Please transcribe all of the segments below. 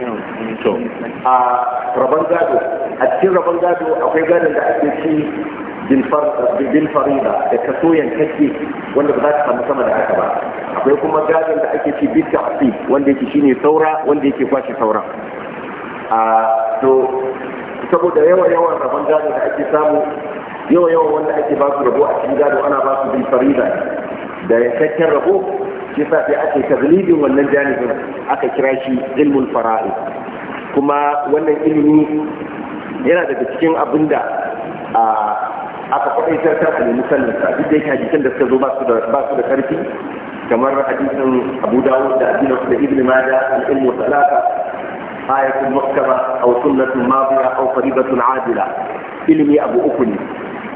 to a rabon gado a cikin rabon gado akwai gadon da ake ci bil farida da kaso yankake wanda ba za ta samu sama da haka ba akwai kuma gadon da ake ci bil ta'fi wanda yake shine saura wanda yake kwashe saura a to saboda yawan yawan rabon gado da ake samu yawan yawan wanda ake ba su rabo a cikin gado ana ba su bil farida da yankakken rabo shi yasa sai aka yi wannan janibin aka kira shi ilmul fara'i kuma wannan ilimi yana daga cikin abin da aka kwaɗaitar ta a nemi sallinsa duk da yake hadisan da suka zo ba su da ƙarfi kamar hadisin abu dawud da abin da ibn mada al-ilmu talaka ayatul muktaba aw sunnatun madiya aw faridatun adila ilimi abu uku ne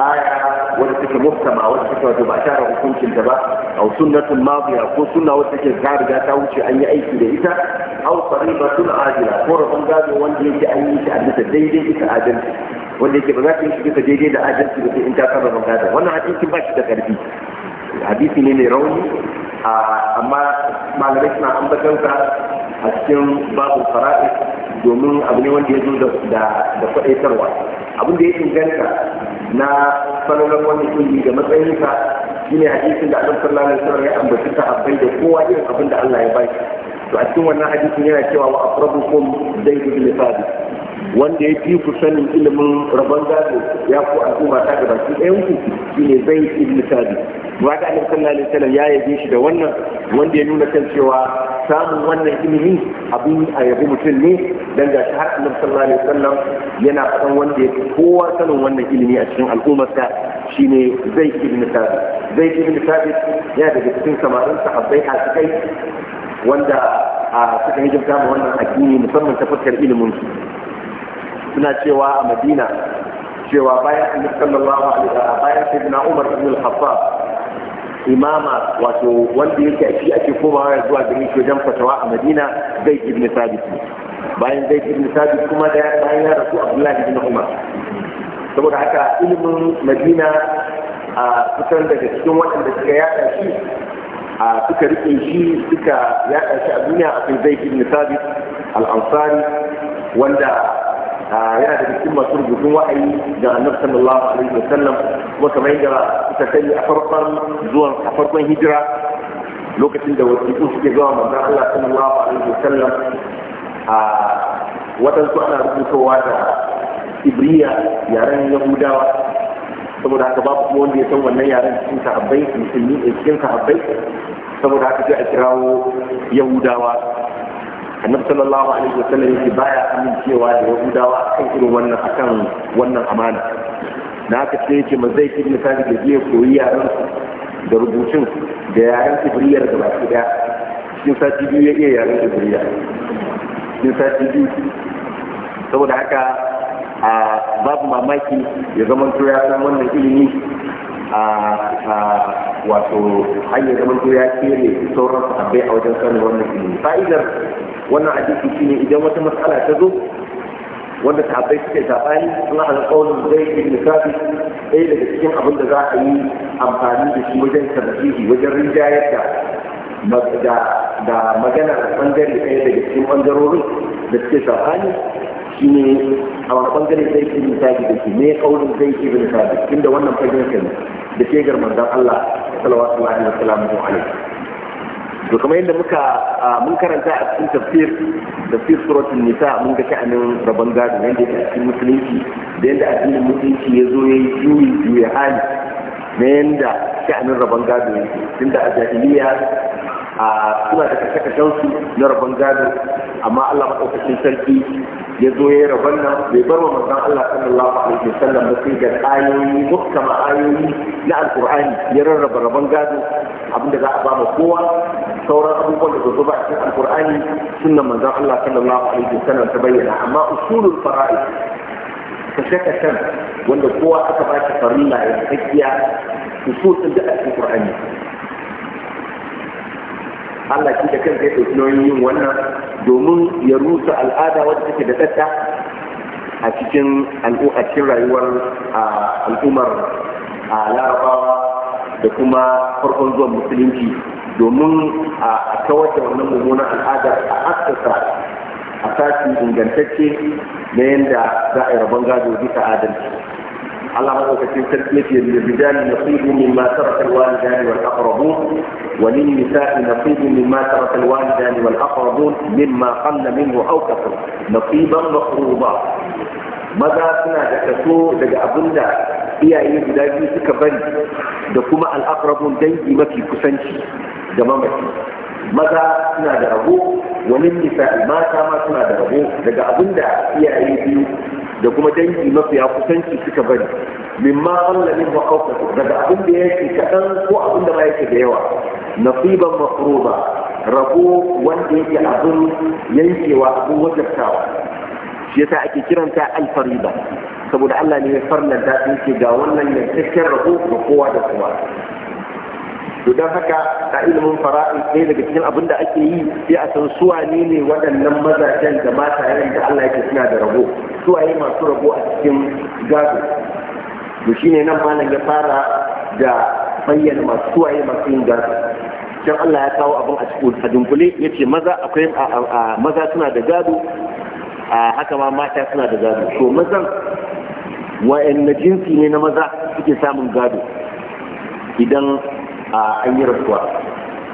aya wadda take muftama wadda take wato ba tara hukuncin ta ba aw sunnatun madiya ko sunna wadda take ta riga ta wuce an yi aiki da ita aw qaribatul ajila ko rabon gado wanda yake an yi shi a bisa daidai bisa adalci wanda yake ba za ta yi shi bisa daidai da adalci ba sai in ta saba rabon gado wannan hadisi ba shi da karfi hadisi ne mai rauni amma malamai suna ambatansa a cikin babu fara'i domin abu ne wanda ya zo da kwaɗaitarwa abin da ya inganta na sanarwar wani kungi da matsayinsa shine hadisin da annabi sallallahu alaihi wasallam ya ambaci sahabbai da kowa irin abin da Allah ya ba to a cikin wannan hadisin yana cewa wa afradukum zaid bin thabit wanda ya fi ku sanin ilimin rabon gado ya ku al'umma ta gaba ki ɗayan ku shine zaid bin thabit ba da annabi sallallahu alaihi wasallam ya yabe shi da wannan wanda ya nuna kan cewa samun wannan ilimi abin a yabi mutum ne dan ga shi har annabi sallallahu alaihi wasallam yana faɗan wanda ya kowa sanin wannan ilimi a cikin al'ummarsa shine zaid bin thabit zaid bin thabit yana daga cikin samarin sahabbai a cikai wanda suka hijimta ma wannan addini musamman ta fuskar ilimin su suna cewa a madina cewa bayan annabi sallallahu alaihi wa bayan na umar ibn al-khattab imama wato wanda yake shi ake komawa zuwa gare shi wajen fatawa a madina zai ibn sabit bayan zai ibn sabit kuma da bayan ya rasu abdullahi ibn umar saboda haka ilimin madina a kusan daga cikin waɗanda suka yada shi a suka rike shi suka yaɗa shi a duniya a kan zai ibn sabit al-ansari wanda yana da cikin masu rubutun wa'ayi ga annabi sallallahu alaihi wa sallam kuma kamar yadda suka kai a farkon zuwan a farkon hijira lokacin da wasiƙu suke zuwa manzon Allah sallallahu alaihi wa sallam a wadansu ana rubutowa da ibriya yaren yahudawa saboda haka babu kuma wanda ya san wannan yaren cikin sahabbai musulmi a cikin sahabbai saboda haka sai a kirawo yahudawa annabi sallallahu alaihi wa sallam yake baya amincewa da yahudawa akan irin wannan akan wannan amana na haka sai yake mazai ibn sabit da je koyi yaren da rubutun da yaren ibriyar da baki daya cikin sati biyu ya iya yaren ibriya cikin sati biyu saboda haka a babu mamaki ya zama to ya san wannan ilimi a wato hanyar ya zama ya kere sauran abai a wajen sanin wannan ilimi fa'idar wannan hadisi ne idan wata matsala ta zo wanda ta abai suke zaɓani suna hana ƙaunin zai ibn sabit ɗaya daga cikin abin da za a yi amfani da shi wajen tarjihi wajen rinjayar da da magana a ɓangare ɗaya daga cikin ɓangarorin da suke saɓani shine a wani bangare zai ke bin sabi da shi ne kaurin zai ke bin sabi inda wannan fagen kan da ke gar manzon Allah sallallahu alaihi wa alaihi to kamar yadda muka mun karanta a cikin tafsir tafsir suratul nisa mun ga sha'anin rabon gado da yake cikin musulunci da yadda addinin musulunci ya zo ya yi juyi juya hali na yadda sha'anin rabon gado yake tunda a jahiliya a suna da kashe-kashensu na rabon gado amma Allah maɗaukacin sarki ya zo ya rabon nan bai bar wa manzon Allah sallallahu alaihi wasallam ba sai ga ayoyi mukkama ayoyi na alƙur'ani, ya rarraba rabon gado abinda za a ba mu kowa sauran abubuwan da zo ba a cikin alqur'ani sunnan manzon Allah sallallahu alaihi ta bayyana amma usulul fara'id kashe-kashen wanda kowa aka ba shi farilla ya tsakiya usul din da a cikin Allah shi da kansa ya ɗauki nauyin yin wannan domin ya rusa al'ada wadda take da tsada a cikin a rayuwar al'ummar larabawa da kuma farkon zuwan musulunci domin a kawar da wannan mummunan al'adar a asasa a sashi ingantacce na yadda za a yi rabon gado bisa adalci على رأس تلك مثل للرجال نصيب مما ترك الوالدان والأقربون وللنساء نصيب مما ترك الوالدان والأقربون مما قل منه أو كثر نصيبا مفروضا ماذا كنا دكتو دك أبندا إيا أي بلاجي سكبري دكما الأقربون دي مكي كسنشي دمامتي ماذا كنا دكتو وللنساء ما كما كنا دكتو دك أبندا أي إيا da kuma dangi mafiya kusanci suka bari mimma Allah min wa daga abin da yake kadan ko abin da ba yake da yawa nasiban mafruba rabo wanda yake abin yankewa abin wajartawa shi yasa ake kiranta al-fariba saboda Allah ne ya farlanta din ce ga wannan yankakken rabo ga kowa da kowa to don haka a ilimin fara'i ɗaya daga cikin abin da ake yi sai a san suwa ne ne waɗannan mazajen da matayen da Allah yake suna da rabo suwaye masu rabo a cikin gado to shine nan malam ya fara da bayyana masu suwaye masu yin gado can Allah ya kawo abin a cikin a dunkule ya ce maza akwai maza suna da gado a haka ma mata suna da gado to mazan wa'anne jinsi ne na maza suke samun gado idan an yi rasuwa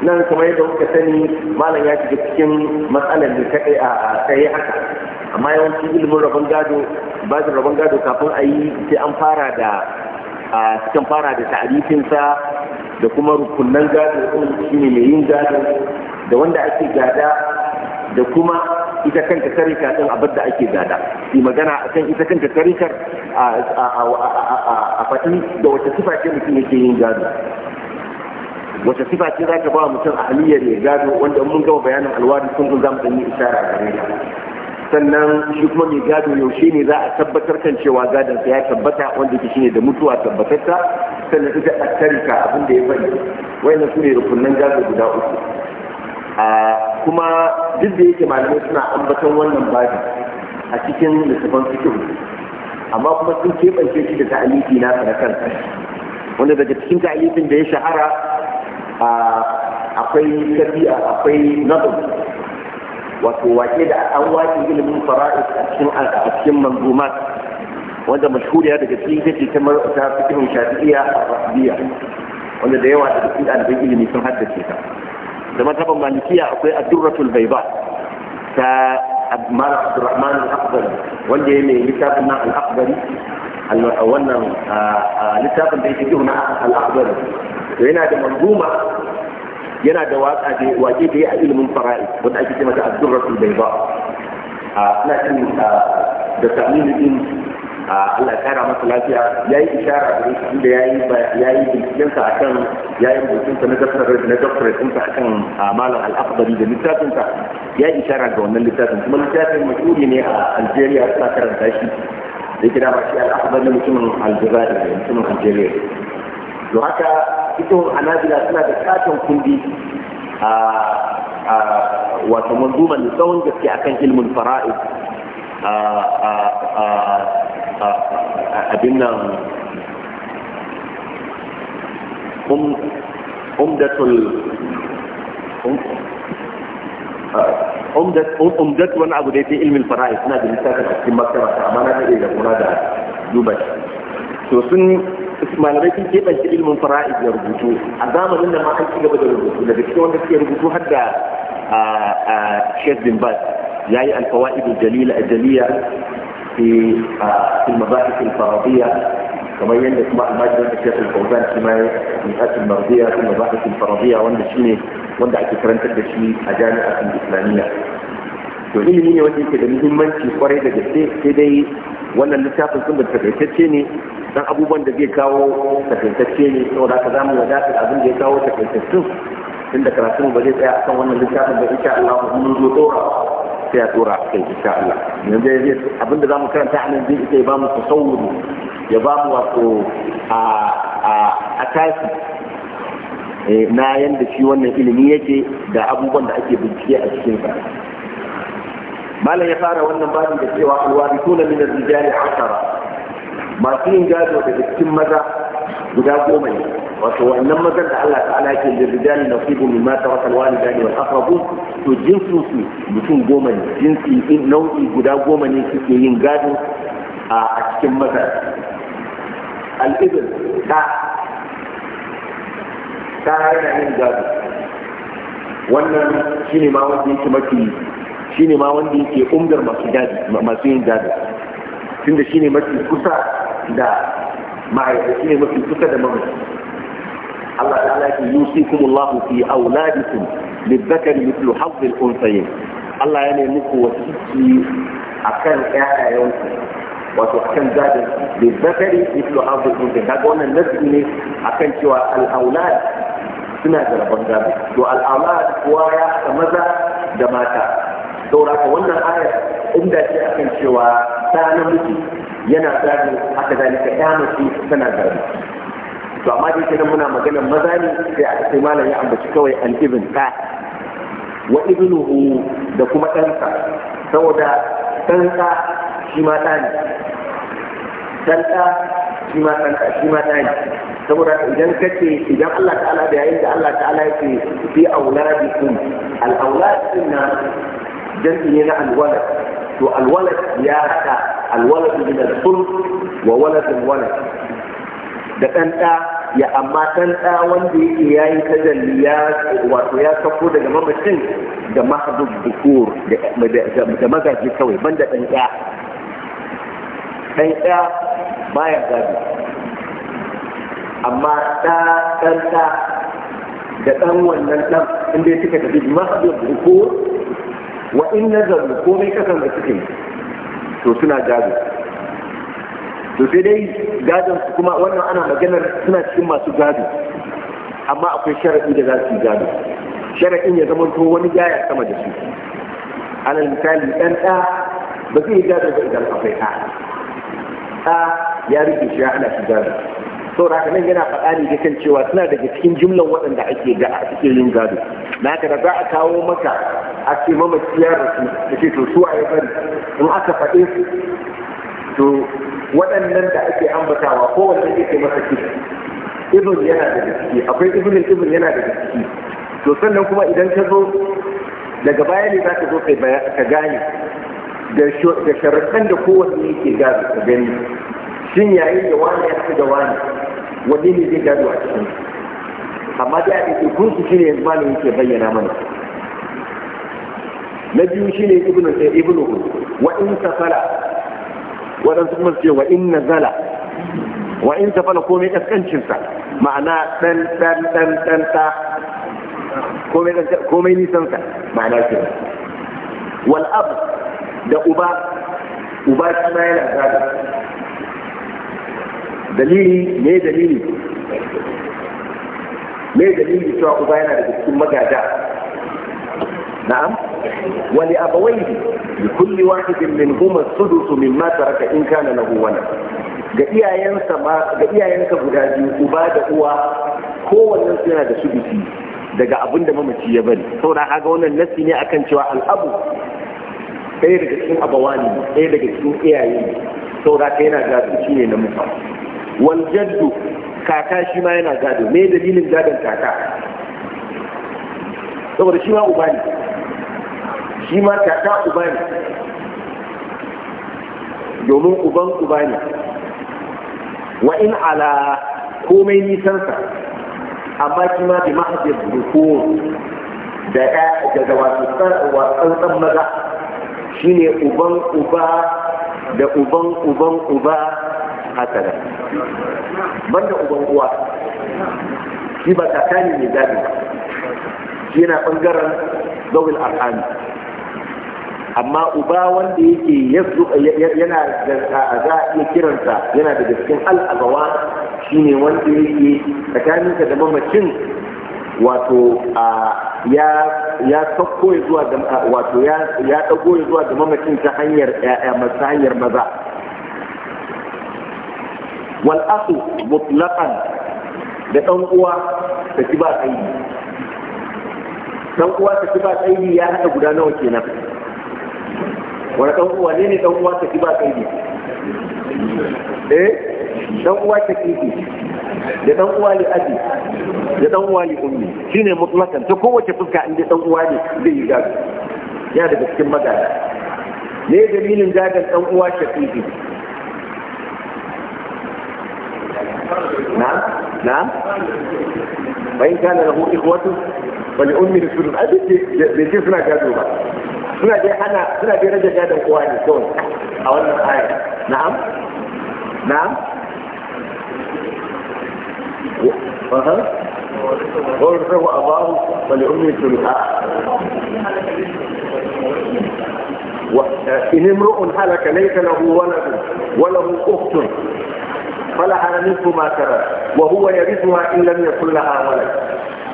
nan kamar yadda kuka sani malam ya shiga cikin matsalar da ta kai a tsaye haka amma yawancin ilimin rabon gado bajin rabon gado kafin a yi sai an fara da cikin fara da ta'arifinsa da kuma rukunan gado ɗin shine mai yin gado da wanda ake gada da kuma ita kanta tarika ɗin abin da ake gada yi magana a kan ita kanta tarikar a faɗi da wata sifa ce mutum yake yin gado wata sifa ce za ka ba mutum a haliyar ya gado wanda mun gama bayanin alwari sun kun zamu ɗanyi ishara a gare sannan shi kuma mai gado yaushe ne za a tabbatar kan cewa gadon ya tabbata wanda ke shine da mutuwa tabbatatta sannan ita a tarika abin da ya bari wayannan su ne rukunan gado guda uku kuma duk da yake malamai suna ambaton wannan babi a cikin littafan fikihu amma kuma sun keɓance shi da ta'alifi na na wanda daga cikin ta'alifin da ya shahara akwai tafiya akwai nazar wato wake da an wake ilimin fara'is a cikin a manzumat wanda mashhuriya daga cikin ita ce ta ta fikirin shafi'iyya a rafiya wanda da yawa daga cikin ɗaliban ilimi sun haddace ta da mazhaban malikiya akwai addurratul baiba ta mara abdurrahman al-akbari wanda ya mai littafin na al-akbari wannan littafin da yake na al-akbari to yana da manzuma yana da waka da waƙe da ya a ilimin fara'i wanda ake cewa ad-durratul bayda a ina cin da samini din Allah ya kara masa lafiya yayi isharar da shi da yayi yayi binciken sa akan yayi binciken sa na da na daftar din sa akan malam al-afdali da littafin sa yayi isharar ga wannan littafin kuma littafin mashhuri ne a Algeria ta karanta shi da kira ba shi al-afdali mutumin Algeria mutumin Algeria to haka cikin anabila suna da katon kundi a wato manzuma da tsawon gaske akan ilmin fara'id abin nan um, umdatul um, um, umdat wani abu da ya fi ilmin fara'id suna da littafin a cikin makarata amma na da iya da kuna da dubai to sun malamai sun keɓance ilimin fara'id da rubutu a zamanin da ma an ci gaba da rubutu daga cikin wanda suke rubutu har da Sheikh bin Baz ya yi alfawa'id jalila jaliya في المباحث الفرضية كما يندس مع المجلس الشيخ الفوزان كما المئات المرضية في المباحث الفرضية وانا شيني وانا اعتكرنت بشي الجامعة الإسلامية to ilimi ne wanda yake da muhimmanci kwarai da gaske sai dai wannan littafin sun da takaitacce ne dan abubuwan da zai kawo takaitacce ne saboda haka zamu wadata abin da ya kawo takaitaccen inda karatun ba zai tsaya akan wannan littafin ba insha Allah mun zo dora sai ya dora kai insha Allah yanzu zai abin da zamu karanta a nan zai ba mu tasawuri ya ba mu wato a a a tashi eh, na yanda shi wannan ilimi yake da abubuwan da ake bincike a cikin sa malam ya fara wannan babi da cewa alwarithuna min ar-rijali ashara masu yin gado da cikin maza guda goma ne wato wannan mazan da Allah ta'ala ke da rijali nasibu mimma taraka alwalidani wal aqrabun to jinsu su mutum goma ne jinsi in nau'i guda goma ne suke yin gado a cikin maza al ta ta yana yin gado wannan shine ma wanda yake mafi shine ma wanda yake umgar masu gadi masu yin gadi tunda shine mafi kusa da ma'aikata shine mafi kusa da mamaci Allah ta'ala ke yusikum Allah fi auladikum lidzakari mithlu hadd al-unthayayn Allah ya nemi muku wasiki akan ƴaƴayenku wato akan gadin lidzakari mithlu hadd al-unthayayn kaga wannan nasi ne akan cewa al-aulad suna da rabon gado to al-aulad kuwa ya maza da mata Sa'ura ka wannan ayar inda ce akan cewa ta namiji yana gado haka zalika ya mace tana gado to amma dai kenan muna maganar maza ne sai aka sai malam ya ambaci kawai al ibn ta wa ibnuhu da kuma ɗansa saboda ɗansa shi ma ɗa ne shi ma ɗansa shi ma ɗa ne saboda idan kace idan Allah ta'ala da yayin da Allah ta'ala yake fi auladikum al aulad din jam'i ne na alwalad to alwalad ya haɗa alwalad min al-sulh wa waladin walad da ɗanɗa, ya amma ɗanɗa wanda yake ya yi tajalli ya wato ya sako daga mamacin da mahadub dukur da magaji kawai banda ɗan ɗanɗa, ɗan baya gado amma ɗa ɗanɗa, da ɗan wannan ɗan inda ya suka tafi mahadub dukur wa in nazaru komai kakan da suke to suna gado to sai dai gadon su kuma wannan ana maganar suna cikin masu gado amma akwai sharaɗi da za su yi gado sharaɗin ya zama to wani ya sama da su alal misali ɗan ɗa ba zai gado ba idan akwai ɗa ɗa ya rike shi ya shi gado saboda haka nan yana faɗa ne ga kan cewa suna daga cikin jumlan waɗanda ake ga a cikin yin gado na haka da za a kawo maka a ce mamaci ya rasu da ce to su a yi bari in aka faɗe su to waɗannan da ake ambatawa kowanne yake masa ciki, ibn yana daga ciki akwai ibn ibn yana daga ciki to sannan kuma idan ka zo daga baya ne za ka zo ka gane da sharaɗan da kowanne ke gado ka gani shin yayin da wani ya fi da wani wanne ne zai gado a cikin amma da a kun su shine ne malamin yake bayyana mana na biyu shi shine ibnu ibnu wa in safala waɗansu kuma ce wa in nazala wa in safala komai kaskancinsa ma'ana ɗan ɗan ɗan ɗan ta komai nisansa ma'ana ce. wal ab da uba uba shi ma yana zaga dalili me dalili me dalili cewa uba yana da cikin magada na'am wani abawai ne? da kulli wahidin min huma sudusu min ma taraka in kana lahu wala ga iyayensa ma ga iyayensa guda biyu uba da uwa kowannen su yana da sudusi daga abin da mamaci ya bari saboda haka wannan nasi ne akan cewa al'abu ɗaya daga cikin abawani ɗaya daga cikin iyaye saboda kai yana da ne na mutum wal jaddu kaka shi ma yana gado me dalilin gadon kaka saboda shi ma uba ne shi ma kaka uba ne domin uban uba ne wa in ala komai nisansa amma shi ma bi mahajjar dukur da ya daga wasu tsantsan maza shine uban uba da uban uban uba hasana banda uban uwa shi ba kakani mai zaɓi shi yana ɓangaren zawil arhami amma uba wanda yake yana za a iya kiransa yana da cikin shi shine wanda yake tsakaninka da mamacin wato ya sauko ya zuwa da wato ya dago ya zuwa da mamacin ta hanyar ta hanyar maza wal asu mutlaqan da dan uwa da ki ba tsayi dan uwa ta ki ba ya hada guda nawa kenan wani dan uwa ne ne dan uwa ta ki ba tsayi eh dan uwa ta ki da dan uwa li abi da dan uwa li ummi shine mutlaqan ta kowace fuska inda dan uwa ne zai yi gado ya daga cikin magana ne dalilin gadon dan uwa shaqiqi نعم نعم وإن كان له إخوة ولأمه السلم أبي بيجي كذوبة جادو سنة دي أنا سنة دي رجع جادو قواني كون أولا آية نعم نعم أها ورثه أباه ولأمه السلم آه. وإن امرؤ هلك ليس له ولد وله أخت فلها منه ما ترى وهو يرثها إن لم يكن لها ولد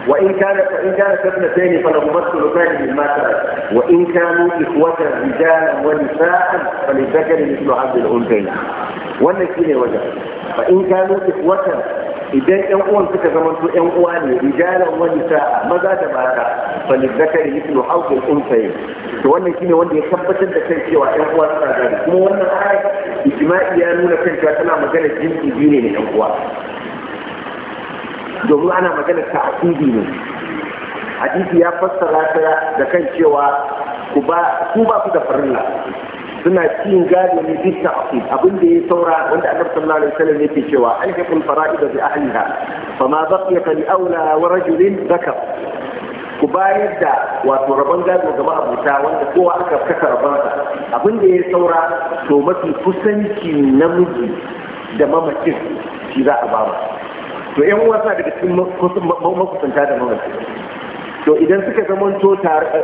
وإن كانت إن كانت ابنتين فلهما الثلثان مما ترك وإن كانوا إخوة رجالا ونساء فللذكر مثل عبد الأنثيين والنكين وجه فإن كانوا إخوة idan yan uwan suka zama to yan uwa ne rijalan wani sa'a maza da mata falizakari mithlu hawqil unsayi to wannan shine wanda ya tabbatar da kan cewa yan uwa suna kuma wannan ayat ijma'i ya nuna kan cewa tana magana jinsi biyu ne na yan uwa domin ana magana ta'asidi ne hadisi ya fassara ta da kan cewa ku ba ku da farilla suna cin gado ne bisa akwai abin da ya saura wanda annabi sallallahu alaihi wasallam yake cewa alhiqul fara'id bi ahliha fama baqiya fa li awla wa rajulin dhakar ku bayar da wato rabon gado ga ma'abuta wanda kowa aka rabon rabonsa abin da ya saura to mafi kusanci namiji da mamacin shi za a ba to yan wasa daga cikin makusanta da mamacin to idan suka zamanto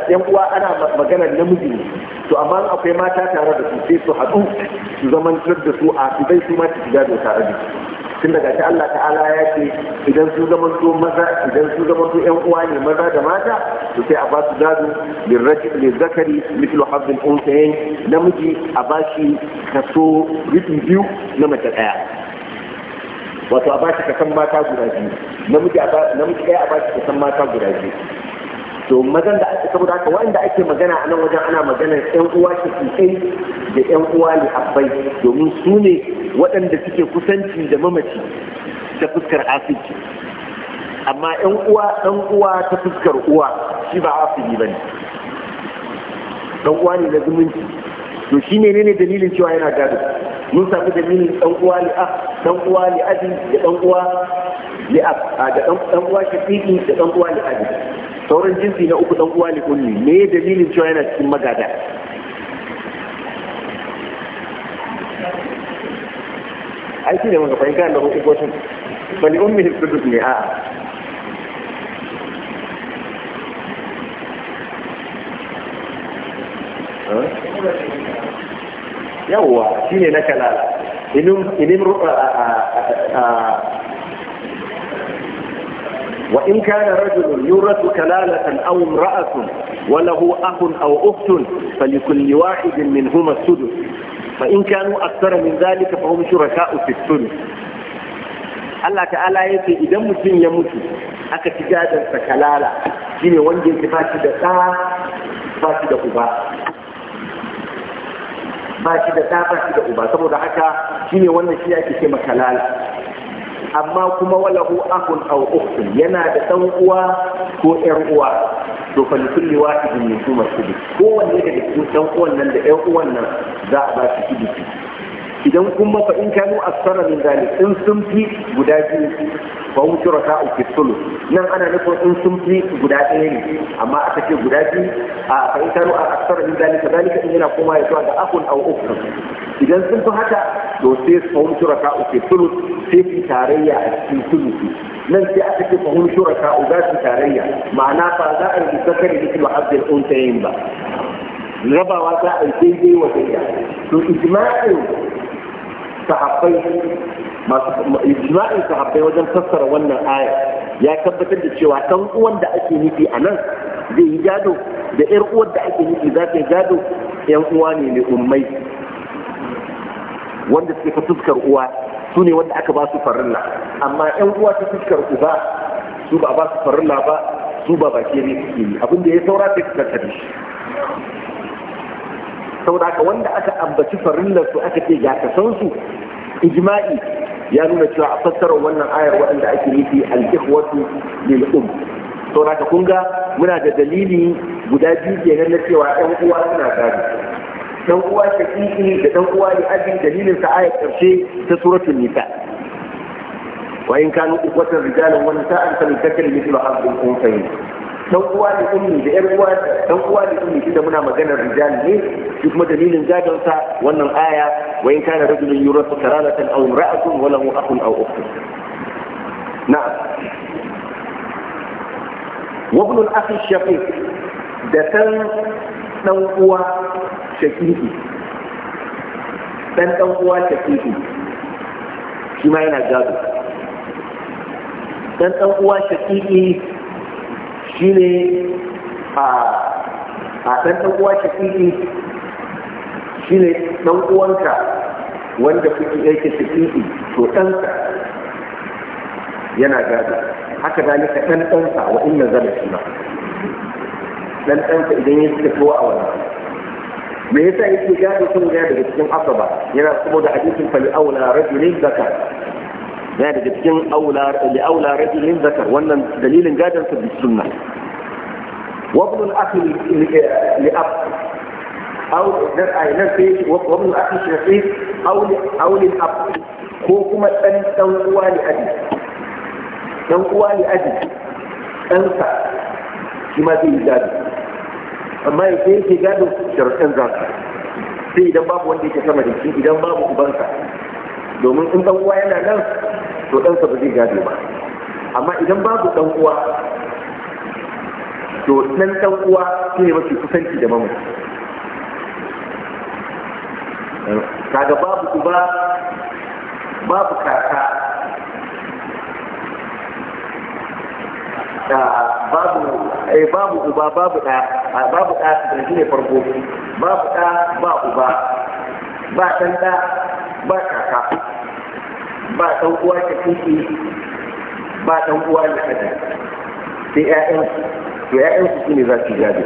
yan uwa ana magana namiji ne to amma akwai mata tare da su sai su haɗu su zaman da su a idan su ma su shiga da tare da su tun daga ta Allah ta'ala ya ce idan su to maza idan su to yan uwa ne maza da mata to sai a ba su gado lirrakari mislu hazzin unsayin namiji a ba shi kaso rufi biyu na mace ɗaya wato a ba shi kasan mata guda biyu namiji ɗaya a ba shi kasan mata guda biyu to magan da aka saboda haka wanda ake magana a nan wajen ana magana yan uwa kai da yan uwa li'abbai domin su ne waɗanda suke kusanci da mamaci ta fuskar asiki amma yan uwa ɗan uwa ta fuskar uwa shi ba asiki bane ɗan uwa ne na zumunci to shi ne ne dalilin cewa yana gado mun samu dalilin ɗan uwa a ɗan uwa li'abi da ɗan uwa li'ab da ɗan uwa shafiƙi da ɗan uwa li'abi sauran jinsi na uku dan uwa ne kulli me dalilin cewa yana cikin magada ai shi ne muka fahimta da hukuncin bani ummi hibdudus ne a'a yawwa shi ne na kalala a وإن كان رجل يورث كلالة أو امرأة وله أخ أو أخت فلكل واحد منهما السدس فإن كانوا أكثر من ذلك فهم شركاء في الثلث Allah ta'ala ya ce idan mutum ya mutu aka ci gadarsa kalala shine wanda yake ba shi da ɗa ba shi da uba ba shi da ɗa ba shi da uba saboda haka shine wannan shi ake ce makalala amma kuma walahu akun aw ukhtun yana da dan uwa ko ƴan uwa to fa kulli wahidin yusuma sidi kowanne daga cikin dan uwan nan da ƴan uwan nan za a ba su sidi idan kuma fa in kanu aksara min zalik in sun fi guda biyu fa hum shuraka fi sulh nan ana nufin in sun fi guda ɗaya ne amma aka ce guda biyu a fa in kanu aksara min zalik zalika in yana kuma ya zuwa ga akun aw ukhtun idan sun fi haka to sai fahim shuraka uke sulus sai su tarayya a cikin tulu. nan sai aka ce fahim shuraka u za su tarayya ma'ana ba za a yi zakar da kuma abdul untayin ba rabawa za a yi daidai wa daida to ijma'in sahabbai masu ijma'in sahabbai wajen fassara wannan aya ya tabbatar da cewa dan uwan da ake nufi a nan zai yi gado da 'yar uwar da ake nufi za ta yi gado 'yan uwa ne mai ummai wanda suke ta fuskar uwa su ne wanda aka ba su farilla amma yan uwa ta fuskar uba su ba ba su farilla ba su ba ba ne suke yi abin da ya saura sai ka tattare shi saboda haka wanda aka ambaci farillar su aka ce ga kasan su ijma'i ya nuna cewa a fassara wannan ayar waɗanda ake nufi al-ikhwatu lil um saboda haka kun ga muna da dalili guda biyu kenan na cewa yan uwa suna gado dan uwa shaqiqi da dan uwa li abi dalilin sa ayat karshe ta suratul nisa wa in kanu ukwata rijalan wa nisa'an fa lidhakari mithlu hadhi al-unthayayn dan uwa da ummi da yar uwa dan uwa da ummi shi muna magana rijal ne shi kuma dalilin gadon sa wannan aya wa in kana rajulun yurasu karalatan aw imra'atun wa lahu akhun aw ukhtun na'am wa ibn al-akhi shaqiq da san dan uwa shakiki ɗan ɗan uwa shakiki shi ma yana gado ɗan ɗan uwa shakiki shi ne a ɗan dan uwa shakiki shi ne dan uwanka wanda kuke yake shakiki to ɗansa yana gado haka da zalika ɗan ɗansa wa inna zalafi dan ɗan ɗansa idan ya suka a wannan من يسا يسمي جادس نادي تكين أصبع ينا سبو ده حديث فلأولى رجل ذكر نادي تكين أولى لأولى رجل ذكر وانا دليل جادس بالسنة وابن الأخ لأب أو نرأى نفي وابن الأخ نفي أو أو لأب هو كما أن تنقوى لأبي تنقوى لأبي أنت كما في جادس amma ya yake gado sharaɗin za ka sai idan babu wanda yake sama da shi idan babu ubanka domin in ɗan uwa yana nan to ɗansa ba zai gado ba amma idan babu ɗan uwa to ɗan ɗan uwa shi ne mafi kusanci da mamu kaga babu uba babu kaka babu eh, babu uba babu ɗa babu ɗa da shi ne farko babu ɗa ba uba ba ɗan ɗa ba kaka ba ɗan uwa ta kiki ba ɗan uwa na kaji sai ƴaƴansu to ƴaƴansu su ne za su gado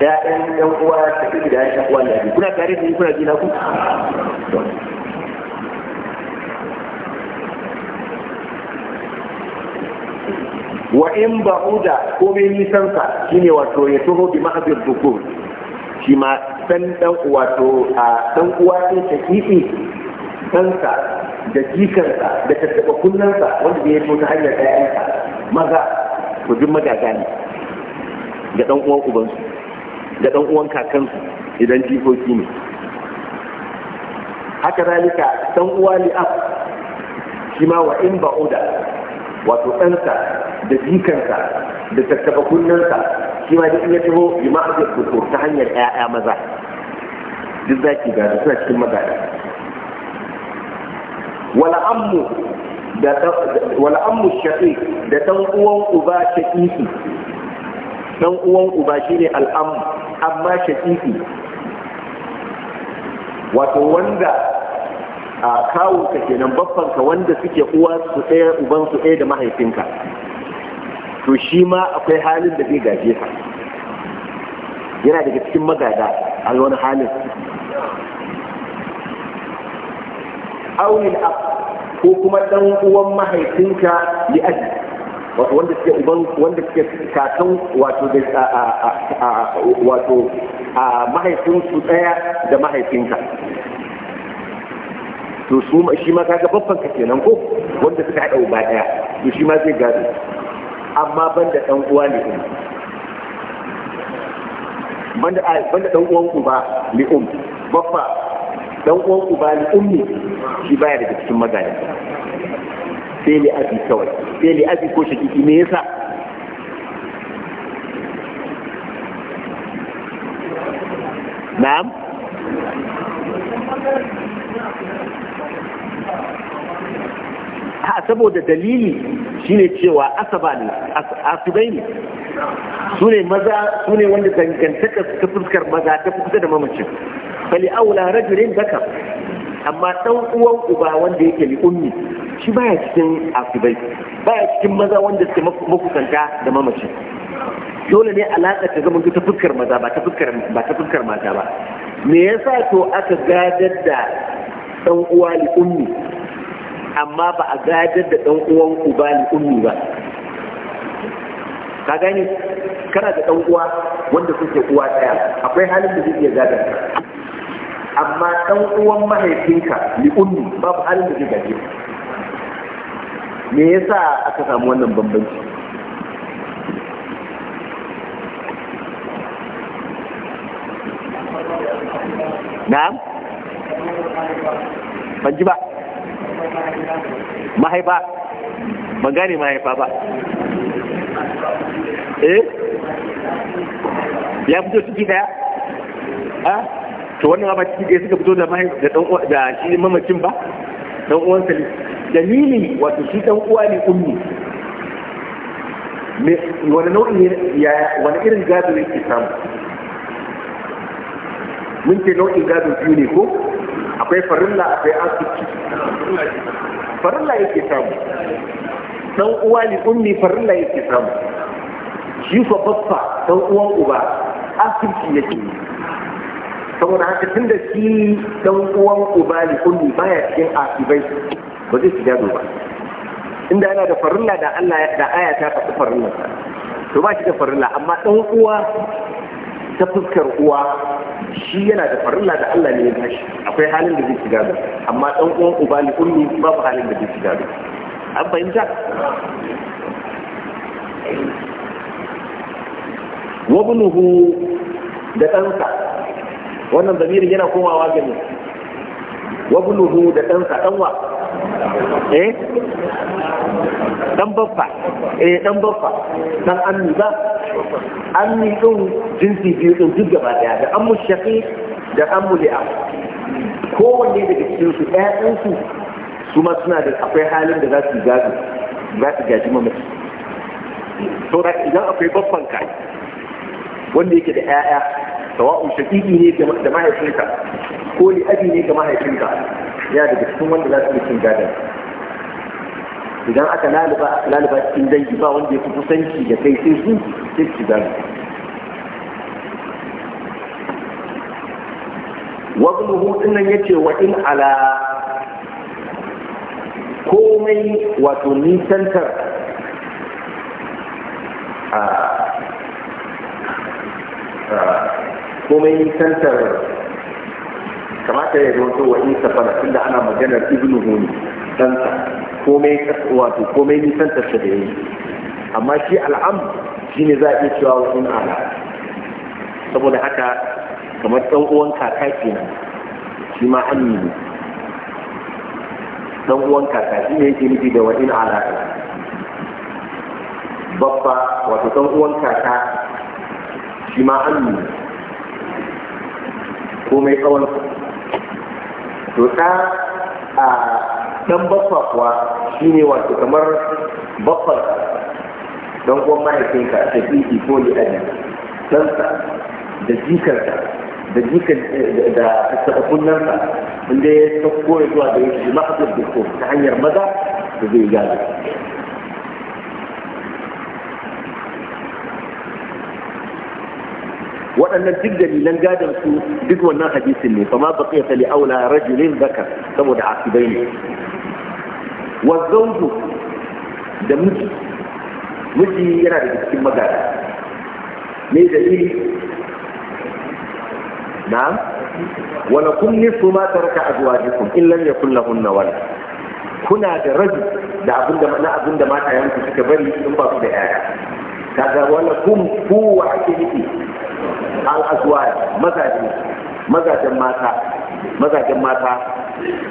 ƴaƴan ɗan uwa ta kiki da ƴaƴan uwa na kuna tare da ni kuna jina ku wa in uda ko mai nisan sa shine wato ya taho bi mahabir dukur shi ma dan dan wato a dan uwa ɗin shaki'i ɗansa da jikansa da tattaɓa kunnansa wanda bai yato ta hanyar ɗayansa maza to duk magaga ne ga dan uwan ubansu ga ɗan uwan kakansu idan jikoki ne haka zalika dan uwa li'af shi ma wa in uda wato ɗansa da jikansa da tattafa kunnansa shi ma duk ya taho bi ma'azir kuto ta hanyar 'ya'ya maza duk za ki gada suna cikin magada wala ammu da wala ammu Shafi da dan uwan uba shaqiqi dan uwan uba shine al'am amma Shafi, wato wanda a kawunka kenan babbanka wanda suke uwa su ɗaya uban su ɗaya da mahaifinka to shi ma akwai halin da zai gaje ka yana daga cikin magada a wani halin aulil a ko kuma dan uwan mahaifinka ya aji. wato wanda suke uban wanda suke kakan wato da wato a mahaifin su daya da mahaifinka to su shi ma kaga babban kake kenan ko wanda suka hada uba daya to shi ma zai gado amma ban da ɗan uwa ne um ban da ɗan uwan ba ne um baffa ɗan uwan uba ne ummi shi baya daga cikin magana sai li abi kawai sai li abi ko shakiki me yasa na'am a saboda dalili shine cewa asaba ne asibai ne su ne maza su ne wanda dangantaka ta fuskar maza ta kusa da mamacin bali aula rajulin zakar amma dan uwan uba wanda yake li ummi shi baya cikin asibai baya cikin maza wanda suke makusanta da mamacin dole ne alaƙa ta zama ta fuskar maza ba ta fuskar ba ta fuskar mata ba me yasa to aka gadar da dan uwa li ummi amma ba a gajar da ɗan uwan ni ummi ba ka gani kana da ɗan uwa wanda kuke uwa ɗaya akwai halin da zai iya gadar amma ɗan uwan mahaifinka ni ummi babu halin da zai gaje me yasa aka samu wannan bambanci na'am ban ji ba mahaifa ban gane mahaifa ba eh ya fito ciki daya ha to wannan ba ciki daya suka fito da mahaifa da da shi mamacin ba dan uwan sa dalili wato shi dan uwa ne ummi me wani nau'in ya wani irin gado yake samu mun ce nau'in gado biyu ne ko akwai farilla akwai asuci farilla yake samu dan uwa ni ummi farilla yake samu shi fa baffa dan uwan uba asibiti yake saboda haka tun da shi dan uwan uba ni ummi baya cikin asibai ba zai shiga ba inda yana da farilla da Allah da aya ta faɗi farillarsa to ba shi da farilla amma dan uwa ta fuskar uwa shi yana da farilla da Allah ne ya shi. akwai halin da zai ci gado amma dan uwan uba ne kullu babu halin da zai ci gado an fahimta wabnuhu da ɗansa wannan zamirin yana komawa ga ne wabnuhu da ɗansa ɗanwa eh dan baffa eh dan baffa dan annu ba annu din jinsi biyu dun duk gaba daya da ammu shaqi da ammu ko kowanne daga cikin su ɗayan su su ma suna da akwai halin da za su gaji za su gaji mamaci to da idan akwai baffan kai wanda yake da ƴaƴa sawa'un shaqiqi ne da mahaifinka ko li aji ne ga mahaifinka ya daga cikin wanda za su yi cin gadon idan aka laluba cikin dangi ba wanda ya fi kusanci da kai sai su sai su gano Wasu muhutun nan ce wa in ala komai wato nisantar komai nisantar kamata ya zo wa isa bana tunda ana maganar ibnu huni ɗansa komai wato komai nisan ta da yayi amma shi al'am shi ne za a iya cewa wani ala saboda haka kamar ɗan uwan kaka kenan shi ma ammi ne ɗan uwan kaka shi ne yake nufi da wani ala babba wato ɗan uwan kaka shi ma ammi ne komai tsawon to a ɗan baffa kuwa shine wato kamar baffar don kuma mahaifinka a shafi'i ko a ɗansa da jikarsa da jikan da tattaɓa kunnansa inda ya sauko zuwa da yake mahaifin da ta hanyar maza da zai gane waɗannan duk dalilan gadon su duk wannan hadisin ne fama baqiya li aula rajulin zakar saboda asibai ne wa zawju da miji miji yana da cikin magana ne da iri na wala kun nisu ma taraka azwajikum in lam yakul lahunna wala kuna da rabi da abinda na abinda mata yanku suka bari in ba su da yaya kaga wala kun ku wa ake nufi al'aswad mazaje mazajen mata mazajen mata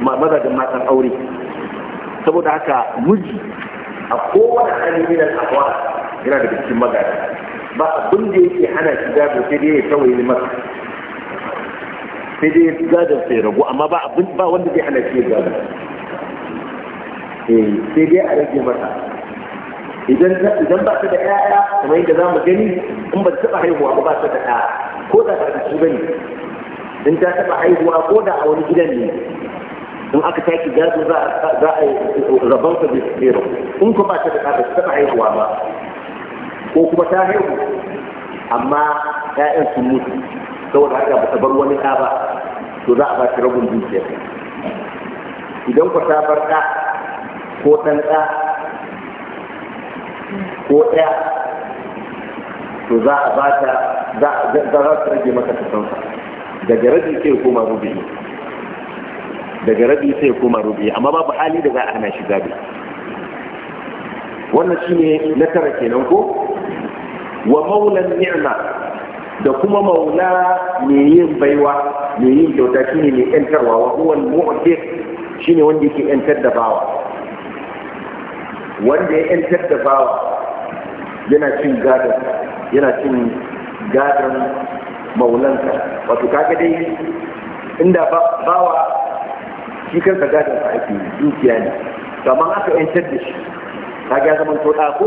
mazajen matan aure saboda haka muji, a kowane hali yana akwa yana da cikin magaji ba abin da yake hana shi gado sai dai ya tawaye masa sai dai gado sai ragu amma ba abin ba wanda zai hana shi gado eh, sai dai a rage masa idan ba ta da ƴaƴa kamar yadda za mu gani in ba ta taɓa haihuwa ba ba ta da ƴaƴa ko da ba ba ne, in ta taɓa haihuwa ko da a wani gidan ne in aka taki gado za a yi rabon ka bai tsero in ko ba ta da ƴaƴa ta taɓa haihuwa ba ko kuma ta haihu amma ƴaƴan sun mutu saboda haka ba ta bar wani ɗa ba to za a ba ta rabin dukiyar idan ku ta bar ɗa ko ɗan ɗa ko ɗaya to za a ba ta za a rage maka kasansa daga rabi sai koma rubi daga rabi sai koma rubi amma babu hali da za a hana shi zabi wannan shi ne na tara kenan ko wa maulan ni'ma da kuma maula mai yin baiwa mai yin kyauta shine mai yantarwa wa huwa al shi ne wanda yake yantar da bawa wanda ya yantar da bawa yana cin gadon yana cin gadon maulansa wato kaga dai inda bawa shi kansa gadon sa ake dukiya ne Kamar aka yantar da shi kaga ya zama to ko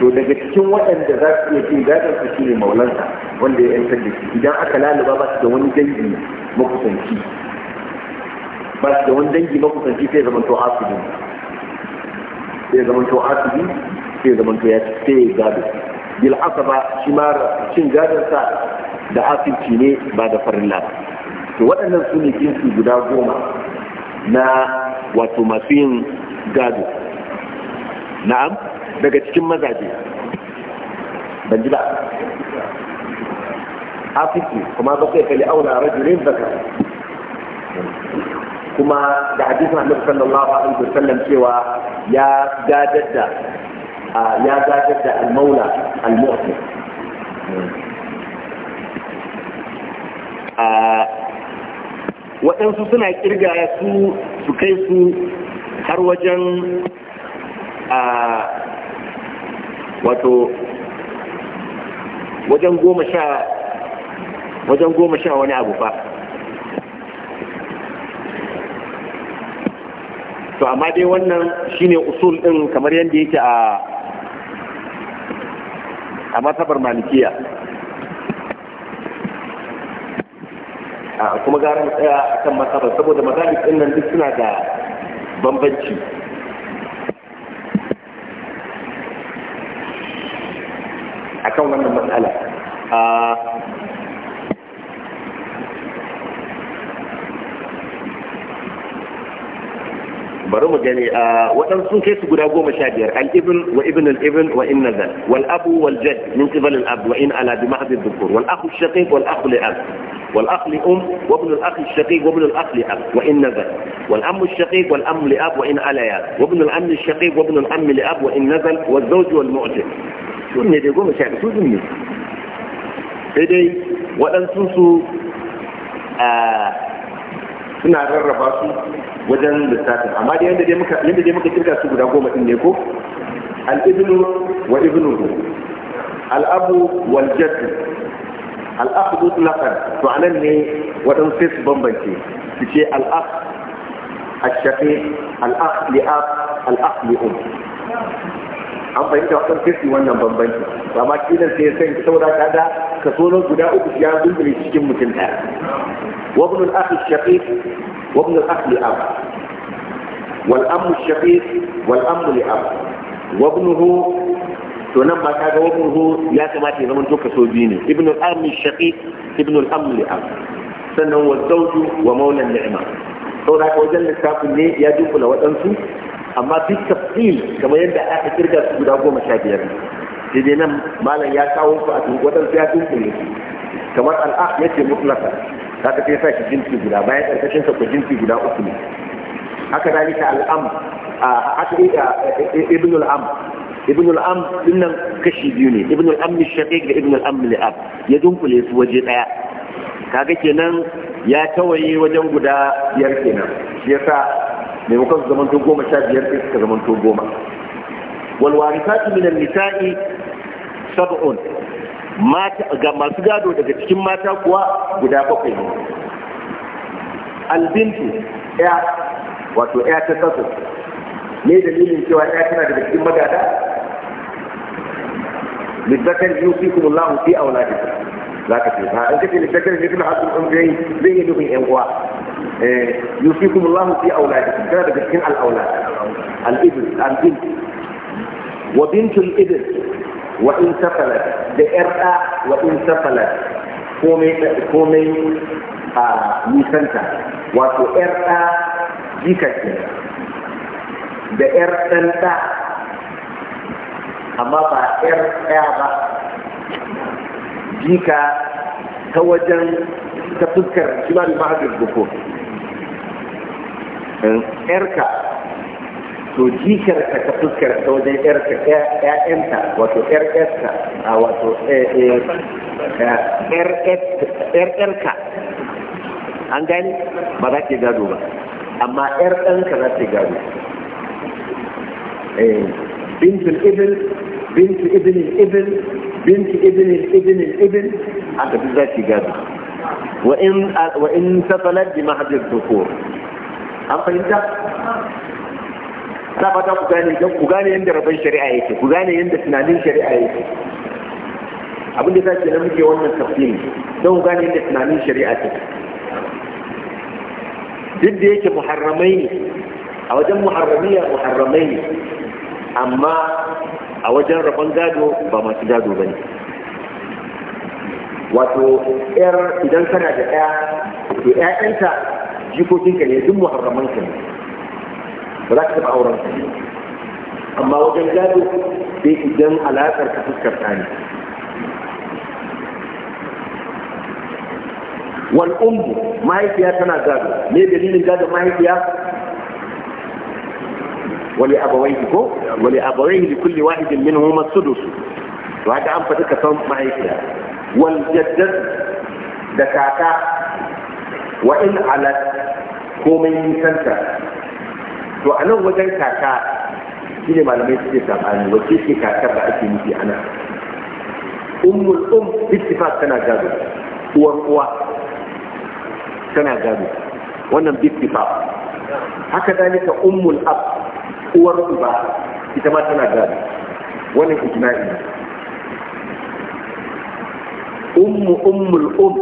to daga cikin waɗanda za su iya cin gadon su shine maulansa wanda ya yantar da shi idan aka laluba ba su da wani dangi makusanci ba su da wani dangi makusanci sai zama to asibi sai zama to asibi sai zaman to ya sai gado bil asaba shi ma cin gadon sa da asibiti ne ba da farilla to waɗannan su ne kinsu guda goma na wato masu yin gado na'am daga cikin mazaje ban ji ba afiki kuma ba sai kali aula rajulin zaka kuma da hadisin Annabi sallallahu alaihi wasallam cewa ya gadar da ya zagar da almaula a waɗansu suna kirga su su kai su har wajen wato wajen goma sha wajen goma sha wani abu fa to amma dai wannan shine usul din kamar yadda yake a a matabar malikiya a kuma gara mu tsaya a kan matabar saboda mazalik ɗin nan duk suna da bambanci a kan wannan matsala bari mu gani a waɗansu kai su guda goma sha biyar al ibn wa ibn al ibn wa in na zan wal abu wal jad min qibal al abu wa in ala bi mahd al dhukur wal akh al shaqiq wal akh li ab wal akh li um wa ibn al akh al shaqiq wa ibn al akh li ab wa in na zan wal amu al shaqiq wal amu li ab wa in ala ya wa ibn al amu al shaqiq wa ibn al amu li ab wa in na zan wal zawj wal mu'tad su ne dai goma sha biyar su ne sai dai waɗansu su suna rarraba su wajen lissafin amma da yadda dai muka kirga su guda goma din ne ko al-ibnu wa ibnuhu al-abu wal jaddu al-akh mutlaqan to anan ne wadan sai su bambance su ce al-akh al-shaqiq al-akh li ab al-akh li um an fahimta wadan sai su wannan bambanci ba ma kilan sai sai saboda kada kaso guda uku ya bulbule cikin mutum ɗaya wa ibn al-akh al-shaqiq وابن الأخ لأب والأم الشقيق والأم لأب وابنه تنمى كذا وابنه يا كماتي زمن توكا سوبيني ابن الأم الشقيق ابن الأم لأب سنة والزوج ومولى النعمة saboda haka wajen lissafin ne ya dunkula waɗansu amma duk tafsil kamar yadda aka kirga su guda goma sha biyar sai dai nan malam ya kawo su a waɗansu ya dunkule kamar al'ah ya mutlaka haka sai sa shi jinsi guda bayan karkashin sa ku jinsi guda uku ne haka ta al'am a haka ida eh, eh, ibn al'am ibn al'am dinnan kashi biyu ne ibn al'am shaqiq da ibn al'am li'ab ya dunkule su waje daya kaga kenan ya tawaye wajen guda biyar kenan shi yasa maimakon su zamanto goma sha biyar sai suka zamanto goma والوارثات من النساء سبع ga masu gado daga cikin mata kuwa guda bakwai ne albintu ya wato ya ta tsaso ne dalilin cewa ya tana daga cikin magada littakar kuma lahu fi za ka ce ha an kace littakar ne tana hasu an zai zai yi nufin yan uwa eh yusikum Allah fi auladikum tana daga cikin al-aulad al wa bintun ibn wa in safalat da yar da wa in safalat komai komai a nisanta wato yar da jika da yar dan da amma ba yar ba jika ta wajen ta fuskar shi ba da ma'ajin buko yarka to jikarka ta fuskar ta wajen yarka ƴaƴanta wato ƴarƙarka a wato ƴarƙarka an gani ba za ke gado ba amma ƴar ɗanka za ta gado bintul ibil bintu ibn ibil bintu ibn ibn ibn haka duk za ki gado wa in safalat bi mahdir dhukur an fahimta na fata ku gane don ku gane yadda rabon shari'a yake ku gane yadda tunanin shari'a yake abin da zaki na muke wannan tafsiri don ku gane yadda tunanin shari'a take duk da yake muharramai ne a wajen muharramiya muharramai ne amma a wajen rabon gado ba masu gado ba ne wato yar idan kana da ɗaya to 'ya'yanta jikokinka ne duk muharramanka ne ba za ka taɓa auren ka amma wajen gado sai idan alaƙar ka fuskar ta ne wal ummu mahaifiya tana gado me dalilin gado mahaifiya wali abawaihi ko wali abawaihi li kulli wahidin minhum as-sudus to haka an faɗi kasan mahaifiya wal jaddat da kaka wa in alat komai nisanta to a nan wajen kaka shi ne malamai suke sabani wacce ke kakar da ake nufi ana ummul um ittifaq tana gado uwar uwa tana gado wannan ittifaq haka dalika ummul ab uwar uba ita ma tana gado wannan ijma'i ummu ummul um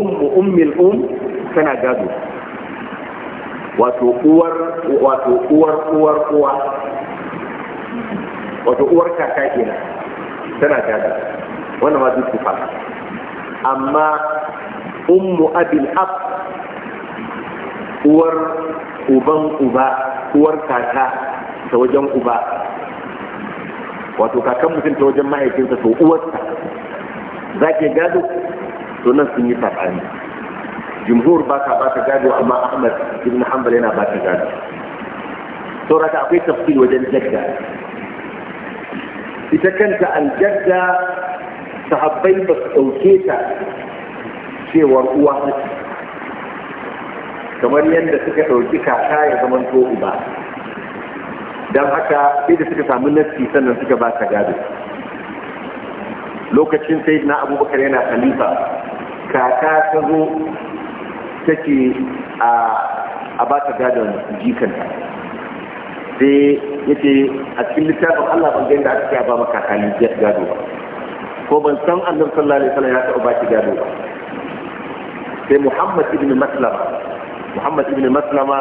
ummu ummil um tana gado wato uwar wato uwar uwar uwa wato uwar kaka kenan tana gada wannan ma duk tufa amma ummu abil ab uwar uban uba uwar kaka ta wajen uba wato kakan mutum ta wajen mahaifinsa to uwarsa za ke gado to nan sun yi saɓani jumhur ba ka ba ka gado amma ahmad ibn hanbal yana ba ka gado sauraka akwai tafsir wajen jadda ita kanta aljadda sahabbai ba su ɗauke ta cewar uwa haka kamar yadda suka ɗauki kaka ya zama to uba don haka sai da suka samu nassi sannan suka ba ta gado lokacin sai na abubakar yana khalifa kaka ta zo take ce a ba ta gadon jikanta sai yake a cikin littafin allah ban ga inda ce a ba maka kali gado ba ko ban san Allah sallallahu alaihi wasallam ya taɓa ba ki gado ba sai muhammad ibn maslama muhammad ibn maslama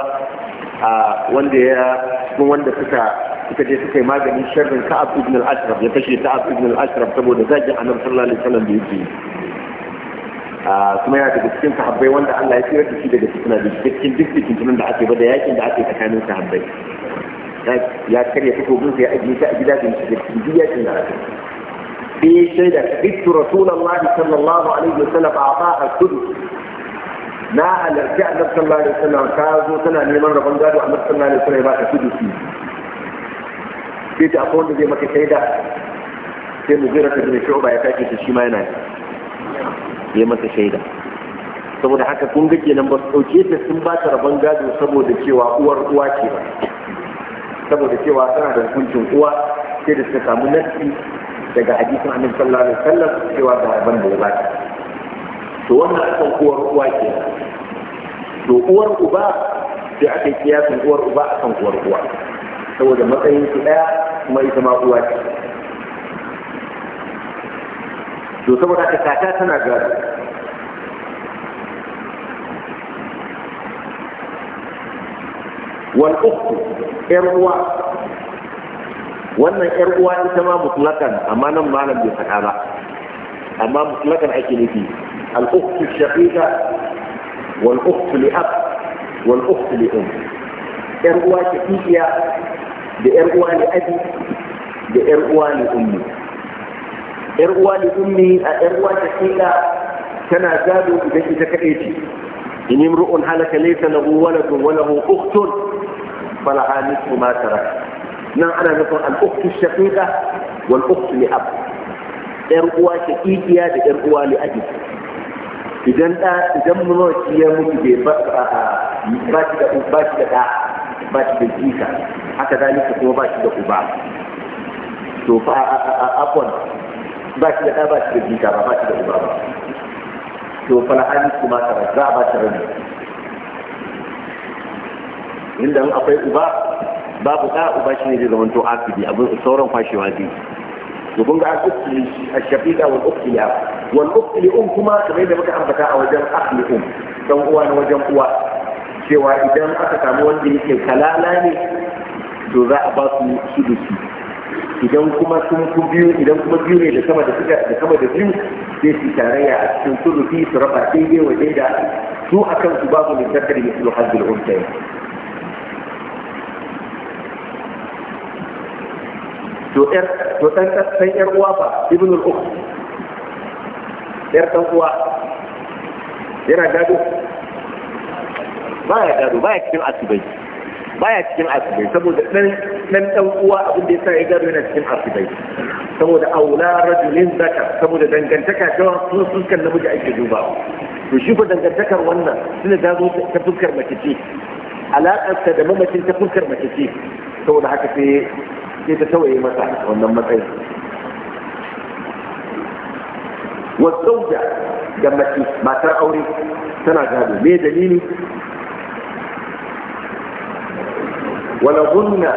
wanda ya cikin wanda suka suka je suka yi maganin sharrin ka'ab ibn al-ashraf ya kashe ka'ab ibn al-ashraf saboda zagin annabi sallallahu alaihi wasallam da yake kuma yana daga cikin sahabbai wanda Allah ya tsira da shi daga fitina da cikin duk fitintunan da ake bada yakin da ake tsakanin sahabbai ya karya takobin sai ya ajiye ta a gida da shi da cikin yakin da ake sai shaida bittu rasulullahi sallallahu alaihi wasallam a ba a kudu na halarci annabi sallallahu alaihi wasallam ka zo tana neman rabon gado annabi sallallahu alaihi wasallam ba ka kudu shi sai ta akwai wanda zai maka shaida sai mu zira ta bin shuba ya tashi shi ma yana yi ya masa shaida saboda haka kun ga kenan ba su ɗauke ta sun ba ta rabon gado saboda cewa uwar uwa ce ba saboda cewa tana da hukuncin uwa sai da suka samu nasi daga hadisin annabi sallallahu alaihi wasallam cewa ga rabon da ya ba ta to wannan akan uwar uwa ke to uwar uba sai aka yi kiyasin uwar uba akan uwar uwa saboda matsayin su ɗaya kuma ita ma uwa ce to saboda haka kata tana gado wal ukhtu yar uwa wannan yar uwa ita ma mutlakan amma nan malam bai faɗa ba amma mutlakan ake nufi al ukhtu shaqiqa wal ukhtu li ab wal ukhtu li um yar uwa shaqiqiya da yar uwa li abi da yar uwa li ummi yar uwa da ummi a yar uwa ta kila tana gado idan ita kaɗai ce in imru'un halaka laysa lahu waladun wa lahu ukhtun falaha nisfu ma tarak nan ana nufin al-ukhtu shaqiqa wal ukhtu li ab yar uwa ta kikiya da yar uwa li abi idan da idan murwaci ya mutu bai ba ba shi da ba shi da da ba shi da jika haka zalika kuma ba shi da uba to fa a afwan ba shi da ba shi da jika ba ba shi da uba ba to an kuma ta za a ba shi rabi inda akwai uba babu da uba shi ne zai zama to asibi abin sauran kwashewa zai to kun ga an ukti ashafiqa wal ukti wal ukti um kuma kamar da muka ambata a wajen akli um dan uwa na wajen uwa cewa idan aka samu wanda yake kalala ne to za a ba su sudusi idan kuma sun ku biyu idan kuma biyu ne da sama da suka da sama da biyu zai su tarayya a cikin sulufi su raba daidai wa da su a kan su babu mai zakari mai sulu hajjul umta to ɗan san ƴar uwa fa, ibn al-ukh ɗan ɗan uwa yana gado ba ya gado ba ya cikin asibai baya cikin asibai saboda dan dan dan uwa abin da yasa ya gado yana cikin asibai saboda aula rajulin zakar saboda dangantaka ta sun fuskar namiji ake duba to shi ko dangantakar wannan tunda ta zo ta fuskar mace ce alaƙarta da mamacin ta fuskar mace ce saboda haka sai sai ta tawaye masa wannan matsayin wasauja da mace matar aure tana gado me dalili ولهن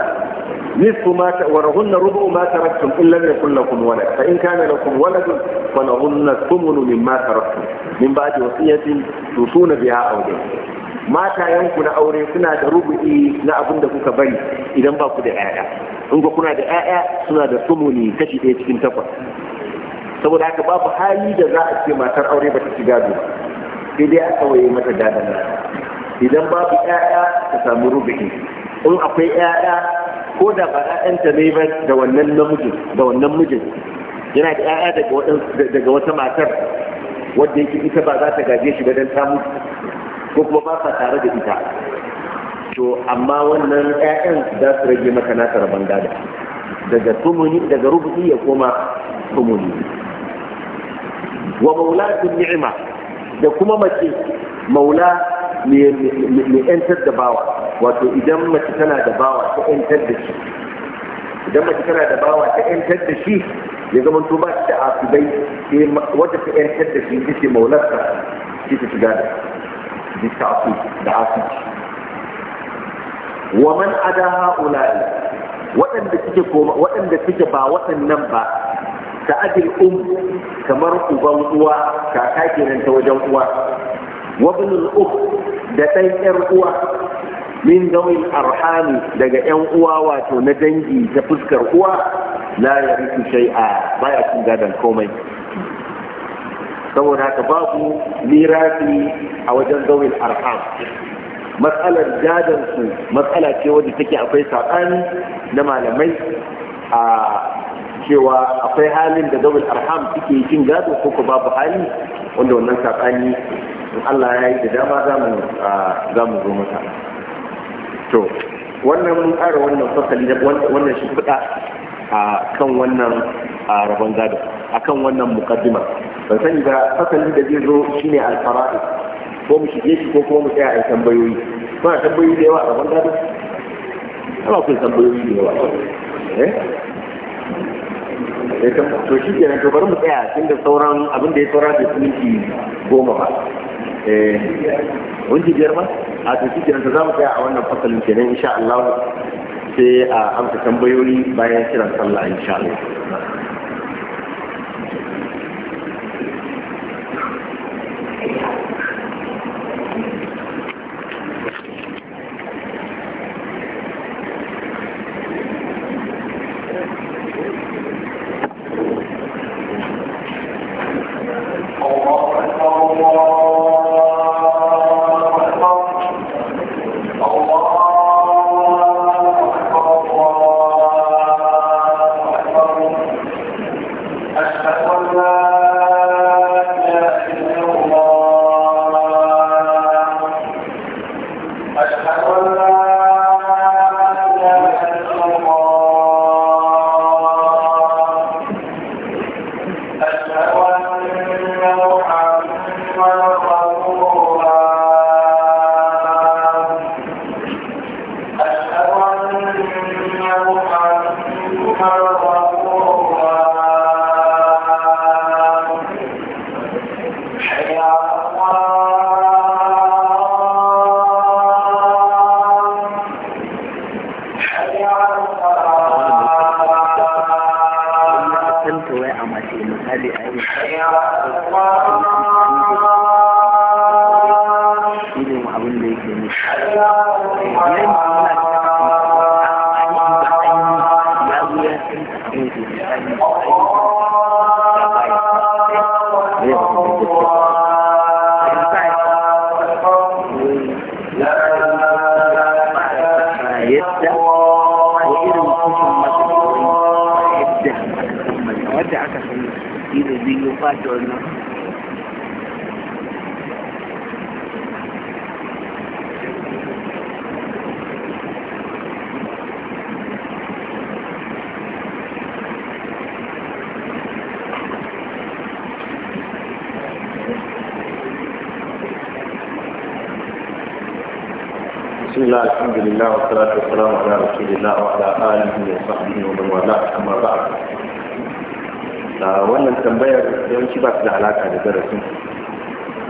نصف ما ت... ولهن ربع ما تركتم إن لم يكن لكم ولد فإن كان لكم ولد فلهن الثمن مما تركتم من بعد وصية توصون بها أو دين mata yanku na aure suna da rubu'i na abin da kuka bari idan ba ku da 'ya'ya in ku kuna da 'ya'ya suna da sumuni kashi ɗaya cikin takwas saboda haka babu hali da za a ce matar aure ba ta ci gado sai dai aka waye mata gadon idan babu 'ya'ya ta samu rubu'i in akwai 'ya'ya ko da ba 'ya'yanta ne ba da wannan namijin da wannan mijin yana da 'ya'ya daga wata matar wadda yake ita ba za ta gaje shi ba don ta mutu ko kuma ba sa tare da ita to amma wannan 'ya'yan za su rage maka nasa rabon gada daga tumuni daga rubu'i ya koma tumuni wa maulatun ni'ima da kuma mace maula mai yantar da bawa wato idan mace tana da bawa ta yantar da shi idan mace tana da bawa ta yantar da shi ya zama to ba ta da asibai wata ta yantar da shi ita ce maularsa shi ta shiga da shi da asibiti wa man ada ha'ula'i waɗanda suke koma waɗanda suke ba waɗannan ba ta ajil um kamar uban uwa kaka kenan ta wajen uwa wa ibnul ukh da ɗan ƴar uwa min dawil arhami daga yan uwa wato na dangi ta fuskar uwa la yarithu shay'a baya cin gadon komai saboda haka babu mirasi a wajen dawil arham matsalar gadon su matsala ce wadda take akwai saɓani na malamai a cewa akwai halin da dawil arham suke cin gado ko ko babu hali wanda wannan saɓani in Allah ya yi da dama za mu zo masa to wannan mun ƙara wannan fasali da wannan shi fuda a kan wannan rabon gado a kan wannan mukaddima ban sani ba fasali da zai zo shine alfara'i ko mu shige shi ko kuma mu tsaya a tambayoyi ba tambayoyi da yawa a rabon gado ana kun tambayoyi da yawa eh, eh to shi kenan to bari mu tsaya tun da sauran abin da ya saura da minti goma ba eh minti biyar ba a tafi kenan ta za mu tsaya a wannan fasalin kenan insha Allah sai a amsa tambayoyi bayan kiran sallah insha Allah بسم الله الحمد لله والصلاة والسلام على رسول الله وعلى آله وصحبه ومن والاه أما بعد wannan tambayar yawanci ba su da alaka da darasin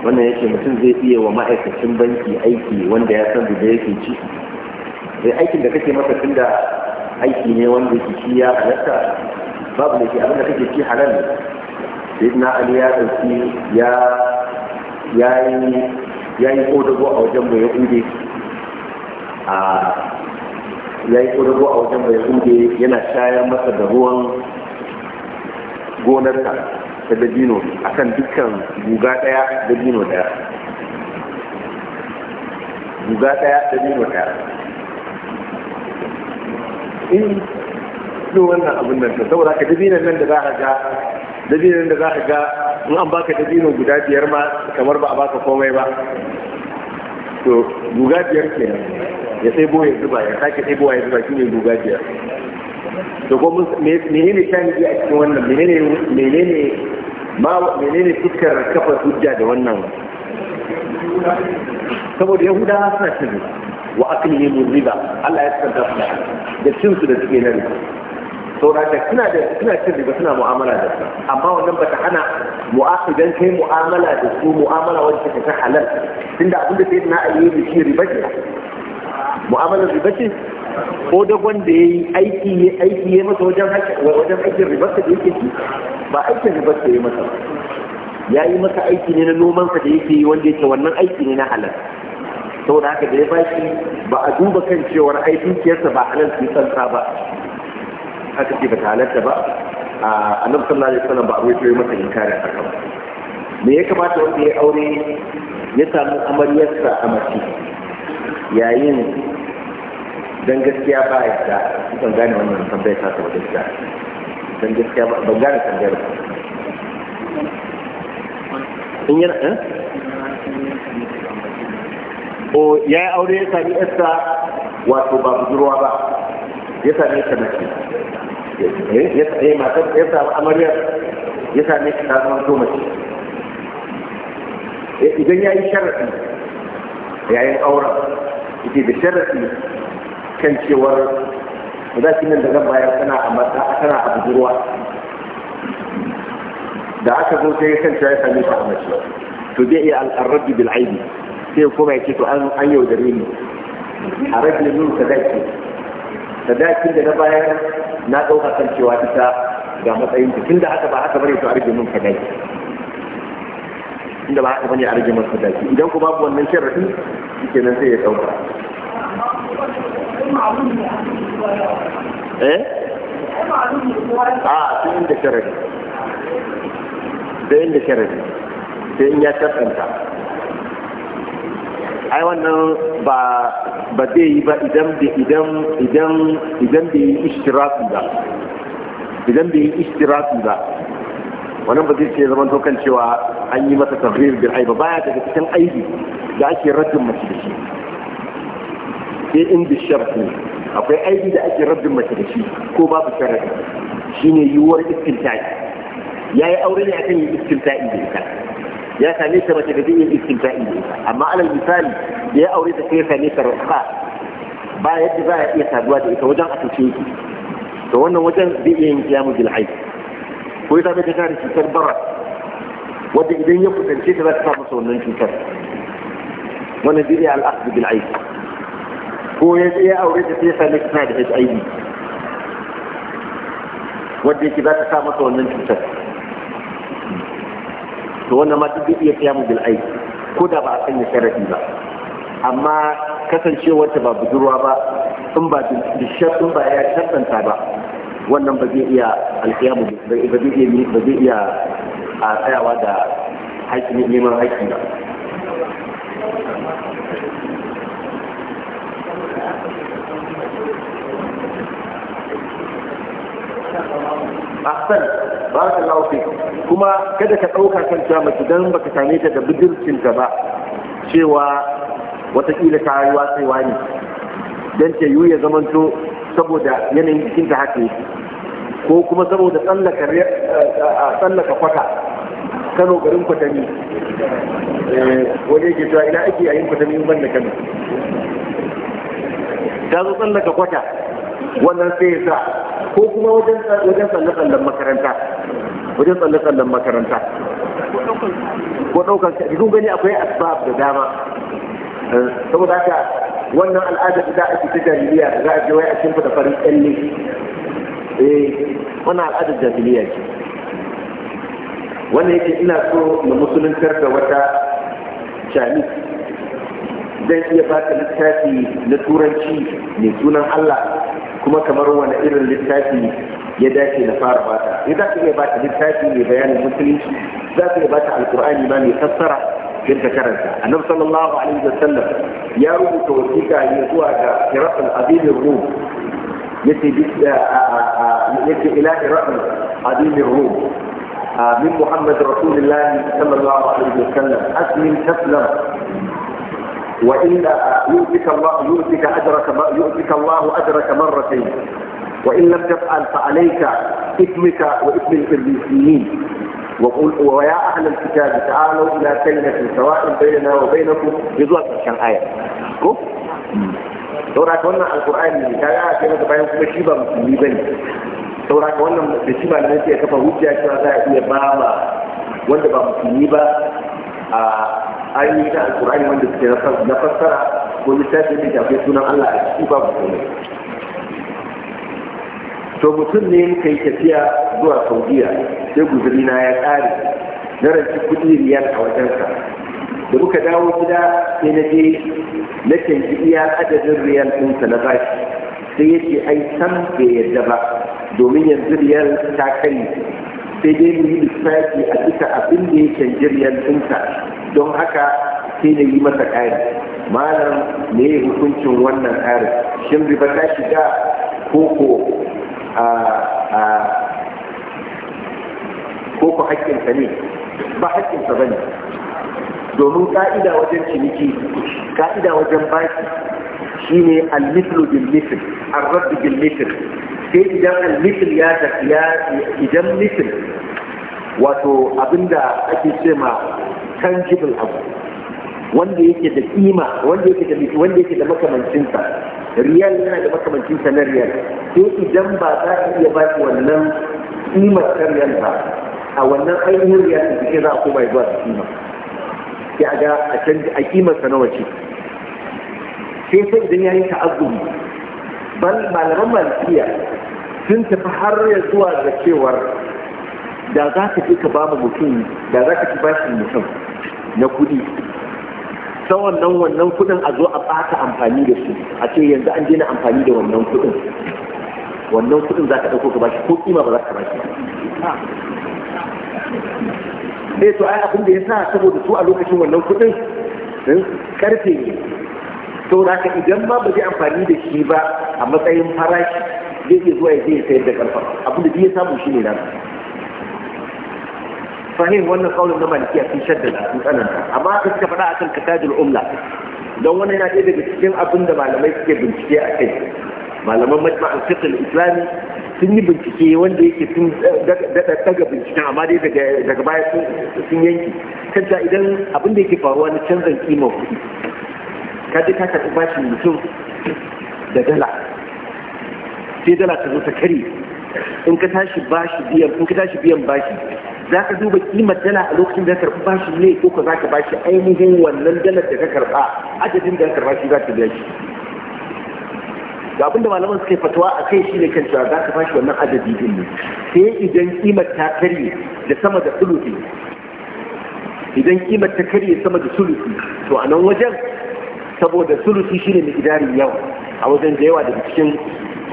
wannan yake mutum zai iya wa ma'aikacin banki aiki wanda ya san da yake ci sai aikin da kake masa tun da aiki ne wanda ke ci ya halatta babu da ke abin da kake ci halal ne sai na ali ya ɗauki ya ya yi ƙodago a wajen mai kude a ya yi a wajen bai kude yana shayar masa da ruwan gonarsa ta dabino a kan dukkan guga daya dabino daya guga daya dabino daya in su wannan abin nan ta saboda ka dabinan nan da za ka ga dabinan da za ka ga in an baka dabino guda biyar ma kamar ba a baka komai ba to guga biyar kenan ya sai ya zuba ya sake sai ya zuba shine guga biyar da kuma menene shahidi a cikin wannan menene menene ma menene fuskar kafa hujja da wannan saboda yahudawa suna cin wa aklihi riba Allah ya tsanta su da cin su da suke nan saurata suna da suna cin riba suna mu'amala da su amma wannan ta hana mu'akidan kai mu'amala da su mu'amala wacce take ta halal tunda abinda sai na ayyuka shi riba ce mu'amalar riba ce ko da wanda ya yi aiki ya aiki ya masa wajen wajen aikin ribarsa da yake ci ba aikin ribarsa ya masa ya yi masa aiki ne na noman sa da yake yi wanda yake wannan aiki ne na halal saboda haka da ya bashi ba a duba kan cewar ai dukiyarsa ba halal su tsanta ba haka ce ba ta halarta ba a annabi sallallahu alaihi wasallam ba a rubuto ya masa inkarin haka ba me ya kamata wanda ya aure ya samu amaryarsa a mace yayin don gaskiya ba ya da ban gane wannan tambayar ta saboda gaskiya don gaskiya ban gane tambayar ba in yana eh o ya yi aure ya sami yarsa wato ba budurwa ba ya sami yarsa mace eh, ya sami eh, matar ya sami amarya ya sami ta zama to mace eh, idan ya yi sharaɗi yayin auren ita da sharaɗi kan cewar zakin nan da zan bayar tana a mata tana a budurwa da aka zo sai kan cewa ya same ta a mace to zai iya al'arrabi bil aibi sai kuma ya ce to an an yaudare ni a rage min sadaki sadakin da na bayar na ɗauka kan cewa ita ga matsayin ta tunda haka ba haka bane to a rage min sadaki inda ba haka bane a rage min sadaki idan ko babu wannan sharadi shikenan sai ya ɗauka eh da sharadi ne yin da in ya tafanta ai wannan ba ba zai yi ba idan idan idan idan bai yi ba idan bai yi ishtiraki ba wannan ba zai ce zaman cewa an yi masa tafrir bil aiba baya daga cikin aibi da ake rajin masu da shi sai inda sharfi akwai aiki da ake rabbin mace da shi ko babu sharafi shine yiwuwar istinta'i ya yi aure ne akan yin istinta'i da ita ya same ta mace da zai yin istinta'i da ita amma alal misali ya aure ta sai ya same ta rafa ba yadda za a iya saduwa da ita wajen a tuce ki to wannan wajen zai iya yin kiyamu bil ko ya same ta tare cutar bara wadda idan ya kusance ta za ta sa masa wannan cutar wannan zai iya al'aqd bil aiki ko ya je ya aure da sai ya same tana da HIV wanda yake za ta sa masa wannan cutar to wannan ma duk iya tsaya mu bil aiki ko da ba a sanya sharadi ba amma kasancewar ta ba budurwa ba in ba bishattun ba ya shaddanta ba wannan ba zai iya alƙiyamu ba zai iya ba zai iya a tsayawa da haƙƙi neman haƙƙi ba ahsan barakallahu fi kuma kada ka ɗauka kan cewa mace dan baka same ta da budurcin ta ba cewa watakila ta yi watsewa ne dan ta yi ya zamanto saboda yanayin jikin ta haka yake ko kuma saboda tsallaka eh, kwata kano garin kwatami eh, waje ke cewa ina ake yayin kwatami ban da kano ta zo tsallaka kwata wannan sai ya sa ko kuma wajen tsalle-tsallen makaranta wajen tsalle-tsallen makaranta ko ɗaukar kun gani akwai asbab da dama eh, saboda haka wannan al'ada da za a ci ta jahiliya da za a je a shimfa da farin tsalle eh wannan al'adar jahiliya ce wannan yake ina so na musuluntar da wata shani zai iya ta littafi na turanci mai sunan Allah kuma kamar wani irin littafi ya dace na fara bata ya za ka iya bata littafi mai bayanin musulunci za ka iya bata alkur'ani ma mai fassara don ta karanta annabi sallallahu alaihi wasallam ya rubuta wasiƙa ne zuwa ga irafin azimin rum yace yace ila irafin azimin rum من محمد رسول الله صلى الله عليه وسلم أسلم تسلم وإن يؤتك الله يؤتك أجرك يؤتك الله أجرك مرتين وإن لم تفعل فعليك إثمك وإثم الفريسيين وقل ويا أهل الكتاب تعالوا إلى كلمة سواء بيننا وبينكم بذوق كان آية كف saura wannan alkur'ani ne ta yaya ce masa bayan kuma shi ba musulmi bane saura ka wannan da shi ba ne ya kafa hujja cewa za a iya ba wanda ba musulmi ba a ayoyi ta alkur'ani wanda suke na fassara ko littafin da shafi sunan Allah a ciki babu komai to mutum ne muka yi tafiya zuwa saudiya sai guzuri na ya ƙare na rance kuɗi riyal a wajensa da muka dawo gida sai na je na canji iya adadin riyal ɗinsa na bashi sai yake ce ai san bai yarda ba domin yanzu riyal ta kai sai dai mu yi lissafi a bisa abin da ya canjiriyar ɗinsa don haka sai da yi masa ƙari malam me ya hukuncin wannan ƙari. shin riba ta shiga koko a a koko haƙƙinsa ne ba haƙƙinsa ba ne domin ka'ida wajen ciniki ka'ida wajen baki shine al-mithlu bil-mithl ar rabb bil-mithl sai idan al-mithl ya tafiya idan mithl wato abinda ake ce ma tangible abu wanda yake da kima wanda yake da wanda yake da makamancin sa riyal yana da makamancin sa na riyal sai idan ba za ka iya ba shi wannan kima ta riyal ba a wannan ainihin riyal da kike za a ba zuwa kima sai aga a canji a kima sa nawa ce sai sai idan yayin azumi bal malaman malikiya sun tafi har ya zuwa da cewar da za ka fi ka ba mu mutum da za ka ci bashin mutum na kuɗi ta wannan wannan kuɗin a zo a ɓata amfani da su a ce yanzu an daina amfani da wannan kuɗin wannan kuɗin za ka ɗauko ka bashi ko kima ba za ka bashi ne eh, to ai abin da ya sa saboda su a lokacin wannan kuɗin karfe eh, ne to da idan ma ba zai amfani da shi ba a matsayin farashi zai iya zuwa ya je ya sayar da karfa abin da ya samu shi ne na. fahim wannan kaulin na malikiya sun shaddada sun tsananta amma aka suka faɗa akan katajul umla don wannan yana ɗaya daga cikin abin da malamai suke bincike a kai malaman majma'an fiqh islami sun yi bincike wanda yake sun daga binciken amma dai daga baya sun yanki kanta idan abin da yake faruwa na canzan kimar kuɗi ka je ka karɓi bashin mutum da dala sai dala ta zo ta kare in ka tashi bashi biyan in ka tashi biyan bashi za ka duba kimar dala a lokacin da ka karɓi bashi ne ko ka za ka bashi ainihin wannan dalar da ka karɓa adadin da ka karɓa shi za ka biya shi ga abinda malaman suka yi fatawa a kai shi ne kan cewa za ka bashi wannan adadi din ne sai idan kimar ta karye da sama da sulufi idan kimar ta karye sama da sulufi to a nan wajen saboda sulufi shine mai idarin yawa a wajen da yawa daga cikin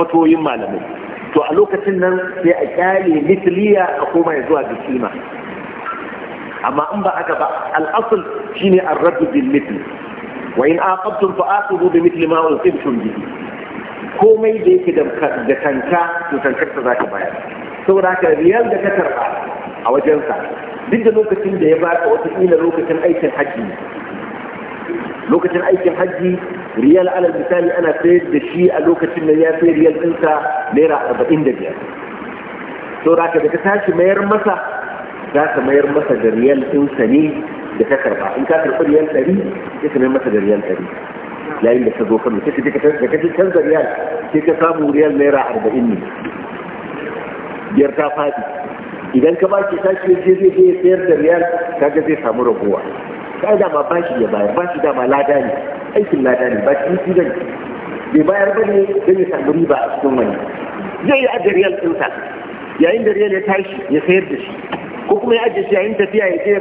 fatoyin malamai to a lokacin nan sai a kyale misliya a koma ya zuwa ga amma in ba aka ba al'asul shine ar-raddu bil wa in aqabtum fa aqibu bi mithli ma uqibtum bihi komai da yake da kanka to kankar ta zaka bayar saboda haka riyal da ka karba a wajensa duk da lokacin da ya baka wata kila lokacin aikin hajji lokacin aikin hajji riyal alal misali ana sayar da shi a lokacin da ya sai riyal ɗinsa naira arba'in da biyar to da ka tashi mayar masa za ka mayar masa da riyal ɗinsa ne da ka karba in ka karɓi riyal ɗari sai ka mayar masa da riyal ɗari yayin da ka zo kano sai ka da ka canza riyal sai ka samu riyal naira arba'in ne biyar ta faɗi idan ka ba shi tashi ya je zai sayar da riyal kaga zai samu raguwa kai ba bashi ya bayar bashi dama lada ne aikin lada ne ba ciniki ba bai bayar ba ne don ya samu riba a cikin wani zai yi ajiyar riyal sa yayin da riyal ya tashi ya sayar da shi ko kuma ya ajiye shi yayin tafiya ya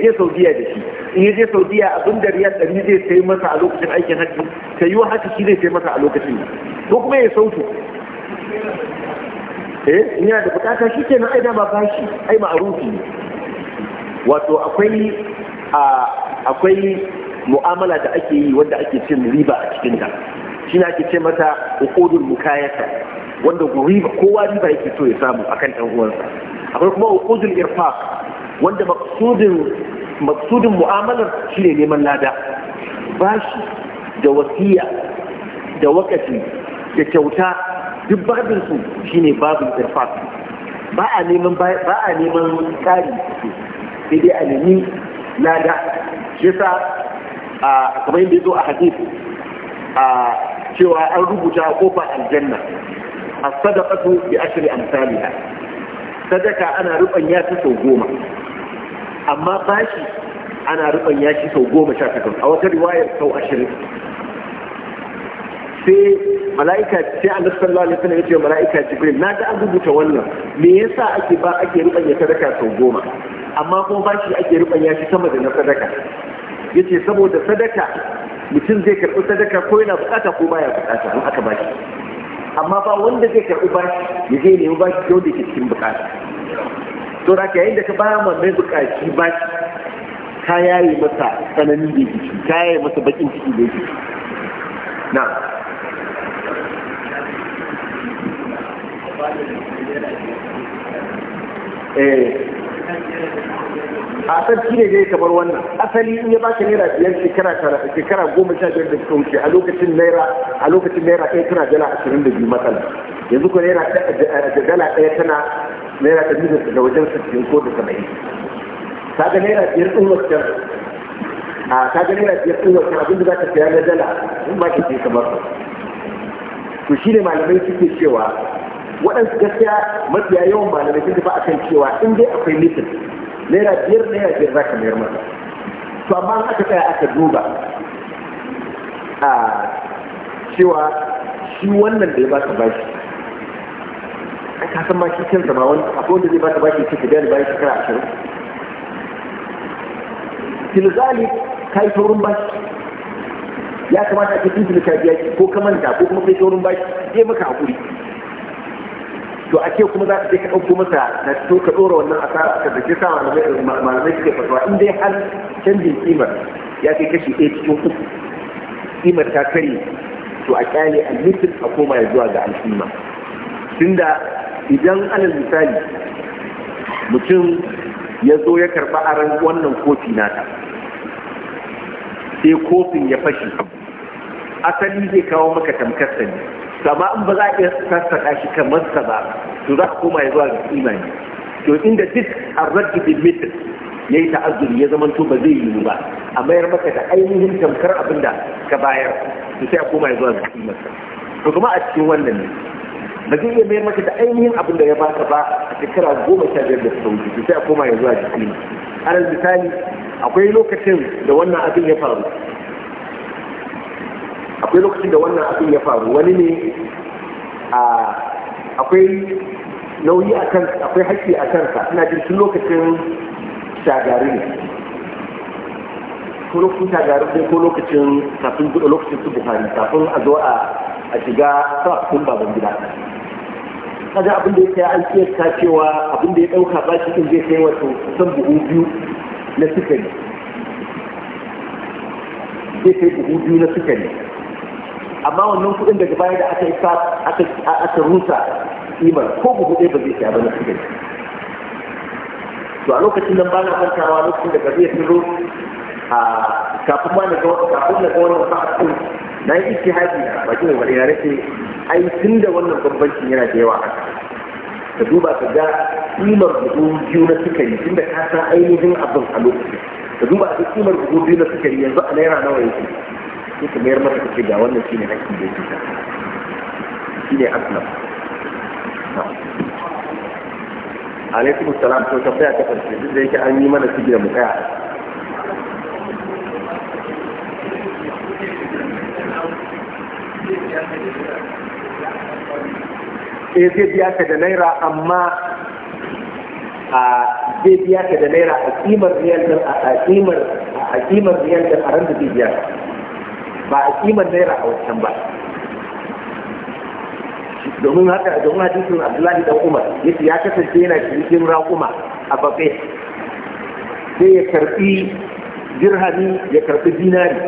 je saudiya da shi in ya je saudiya abin da riyal ɗari zai sai masa a lokacin aikin hajji ta yi wa haka shi zai sai masa a lokacin ko kuma ya sautu eh ina da bukata shi kenan ai dama bashi ai ma'arufi ne wato akwai akwai mu'amala da ake yi wanda ake cin riba a cikin ta shi na ake ce mata ukudul mukayata wanda riba kowa riba yake so ya samu akan ɗan uwansa akwai kuma ukudul irfaq wanda maksudin maksudin mu'amalar shine neman lada bashi da wasiya da wakati da kyauta duk babin su shine babin irfaq ba a neman ba a neman kari sai dai a nemi lada shi sa a kamar yadda zo a hadith a cewa an rubuta kofar aljanna a sadaqatu bi ashri amsalha sadaka ana ya ta sau goma amma bashi ana ya shi sau goma sha takwas a wata riwayar sau ashirin sai mala'ika ce a sallallahu lalata wasallam yace mala'ika jibril na ga an rubuta wannan me yasa ake ba ake rubanya sadaka sau goma amma kuma bashi ake rubanya shi sama da na sadaka yace saboda sadaka mutum zai karɓi sadaka ko yana bukata ko baya bukata in aka shi amma ba wanda zai karɓi bashi ya zai nemi bashi yau da ke cikin bukata to da yayin da ka ba ma mai bukaci bashi ka yaye masa tsanani da jiki ka yaye masa bakin ciki da jiki na eh a sarki ne zai kamar wannan asali in ya baka naira biyar shekara shekara goma sha biyar da suka wuce a lokacin naira a lokacin naira ɗaya tana dala ashirin da biyu matsala yanzu ko naira dala ɗaya tana naira ɗari da daga wajen sittin ko da saba'in kaga naira biyar ɗin wancan a kaga naira biyar ɗin abin abinda za ka saya na dala in ba ka ce kamar to shi ne malamai suke cewa waɗansu gaskiya mafiya yawan malamai sun tafi akan cewa in dai akwai litin naira biyar naira biyar za ka mayar masa to amma in aka tsaya aka duba a cewa shi wannan da ya baka bashi a kasan ma shi kyan zama wani akwai wanda zai baka bashi ce ka biya da bayan shekara ashirin tilzali ka yi saurin bashi ya kamata a ce tilzali ka biya ko ka manta ko kuma kai saurin bashi zai maka hakuri to a ce kuma za ka je ka ɗauko masa na to ka ɗora wannan asara ka da ke sa malamai suke fatawa in dai har canjin kimar ya kai kashi ɗaya cikin uku kimar ta kare to a kyale a mutum a koma ya zuwa ga al'umma tunda idan alal misali mutum ya zo ya karɓa ran wannan kofi nata sai kofin ya fashe asali zai kawo maka tamkar sani amma in ba za a iya sassaƙa shi kan masa ba to za a koma ya zuwa ga imani to inda duk arraddu bil ya yi ta'azzuri ya zama to ba zai yi ba a mayar maka da ainihin tamkar abin da ka bayar to sai a koma ya zuwa ga imani to kuma a cikin wannan ne ba zai iya mayar maka da ainihin abin da ya baka ba a shekara goma sha biyar da ta to sai a koma ya zuwa ga imani alal misali akwai lokacin da wannan abin ya faru akwai lokacin da wannan abin ya faru wani ne akwai nauyi a kan akwai haƙƙi a ka ina jin tun lokacin shagari ne ko lokacin shagari ko ko lokacin kafin lokacin su buhari kafin a zo a shiga sa kun baban gida kaga abin da ya kai an kiyasta cewa abin da ya ɗauka ba shi zai kai wato kusan buhu biyu na sukari zai kai buhu biyu na sukari amma wannan kuɗin daga baya da aka yi aka rusa imar ko buhu ɗaya ba zai saya ba na kuɗin to a lokacin nan ba na kwantawa lokacin da gari ya turo a kafin ma na ga kafin na ga wannan sa'adun na yi iske haji na bakin da wani yare ce ai tun da wannan bambancin yana da yawa haka ka duba ka ga kimar buhu biyu na yi tun da ka san ainihin abin a lokacin ka duba ka kimar buhu biyu na yi yanzu a naira nawa yake sai ka mayar masa kace ga wannan shine hakkin da yake shine aslam alaikum salam to ta faya ta farce duk da yake an yi mana sigira mu tsaya eh zai biya ka da naira amma a zai biya ka da naira a kimar riyal a kimar a kimar riyal da aran da zai biya ba a kimar naira a wancan ba domin haka domin hadisin abdullahi dan umar yace ya kasance yana cikin raƙuma a bafe sai ya karbi dirhami ya karbi dinari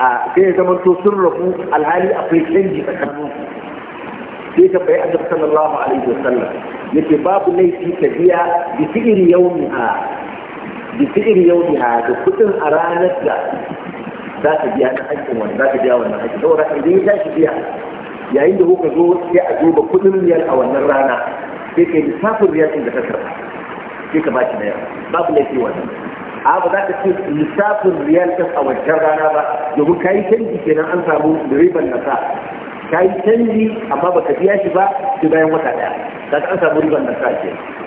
a sai ya zama to sun rabu alhali akwai canji tsakanin sai ka bai annabi sallallahu alaihi wasallam yace babu laifi ka biya bi fi'li yawmiha bi fi'il yawmiha da kudin a ranar da za ka biya na aikin wani za ka biya wannan hakkin saboda idan ya tashi biya yayin da kuka zo sai a duba kudin riyal a wannan rana sai kai lissafin riyal ɗin da ka karɓa sai ka baki yau babu laifi wannan a ba za ka ce lissafin riyal ɗin a wancan rana ba domin ka yi canji kenan an samu riban nasa ka yi canji amma ba ka biya shi ba sai bayan wata ɗaya za ka an samu riban nasa kenan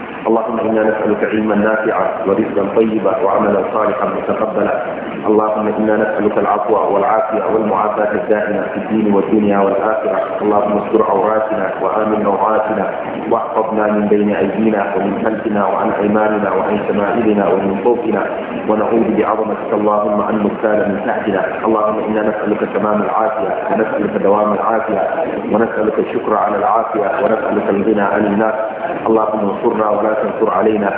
اللهم إنا نسألك علما نافعا ورزقا طيبا وعملا صالحا متقبلا اللهم إنا نسألك العفو والعافية والمعافاة الدائمة في الدين والدنيا والآخرة اللهم استر عوراتنا وآمن روعاتنا واحفظنا من بين أيدينا ومن خلفنا وعن أيماننا وعن شمائلنا ومن فوقنا ونعوذ بعظمتك اللهم أن نبتال من تحتنا اللهم إنا نسألك تمام العافية ونسألك دوام العافية ونسألك الشكر على العافية ونسألك الغنى عن الناس اللهم انصرنا ولا تنصر علينا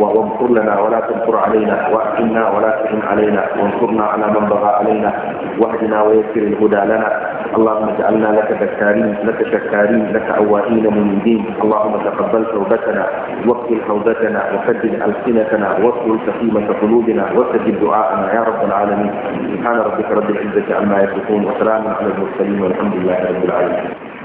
وانصر لنا ولا تنصر علينا واكفنا ولا تهن علينا وانصرنا على من بغى علينا واهدنا ويسر الهدى لنا اللهم اجعلنا لك ذكارين لك شكارين لك أواهين منيبين اللهم تقبل توبتنا واقبل حوبتنا وسدد ألسنتنا واصل سقيمة قلوبنا وسدد دعاءنا يا رب العالمين سبحان ربك رب العزة عما يصفون وسلام على المرسلين والحمد لله رب العالمين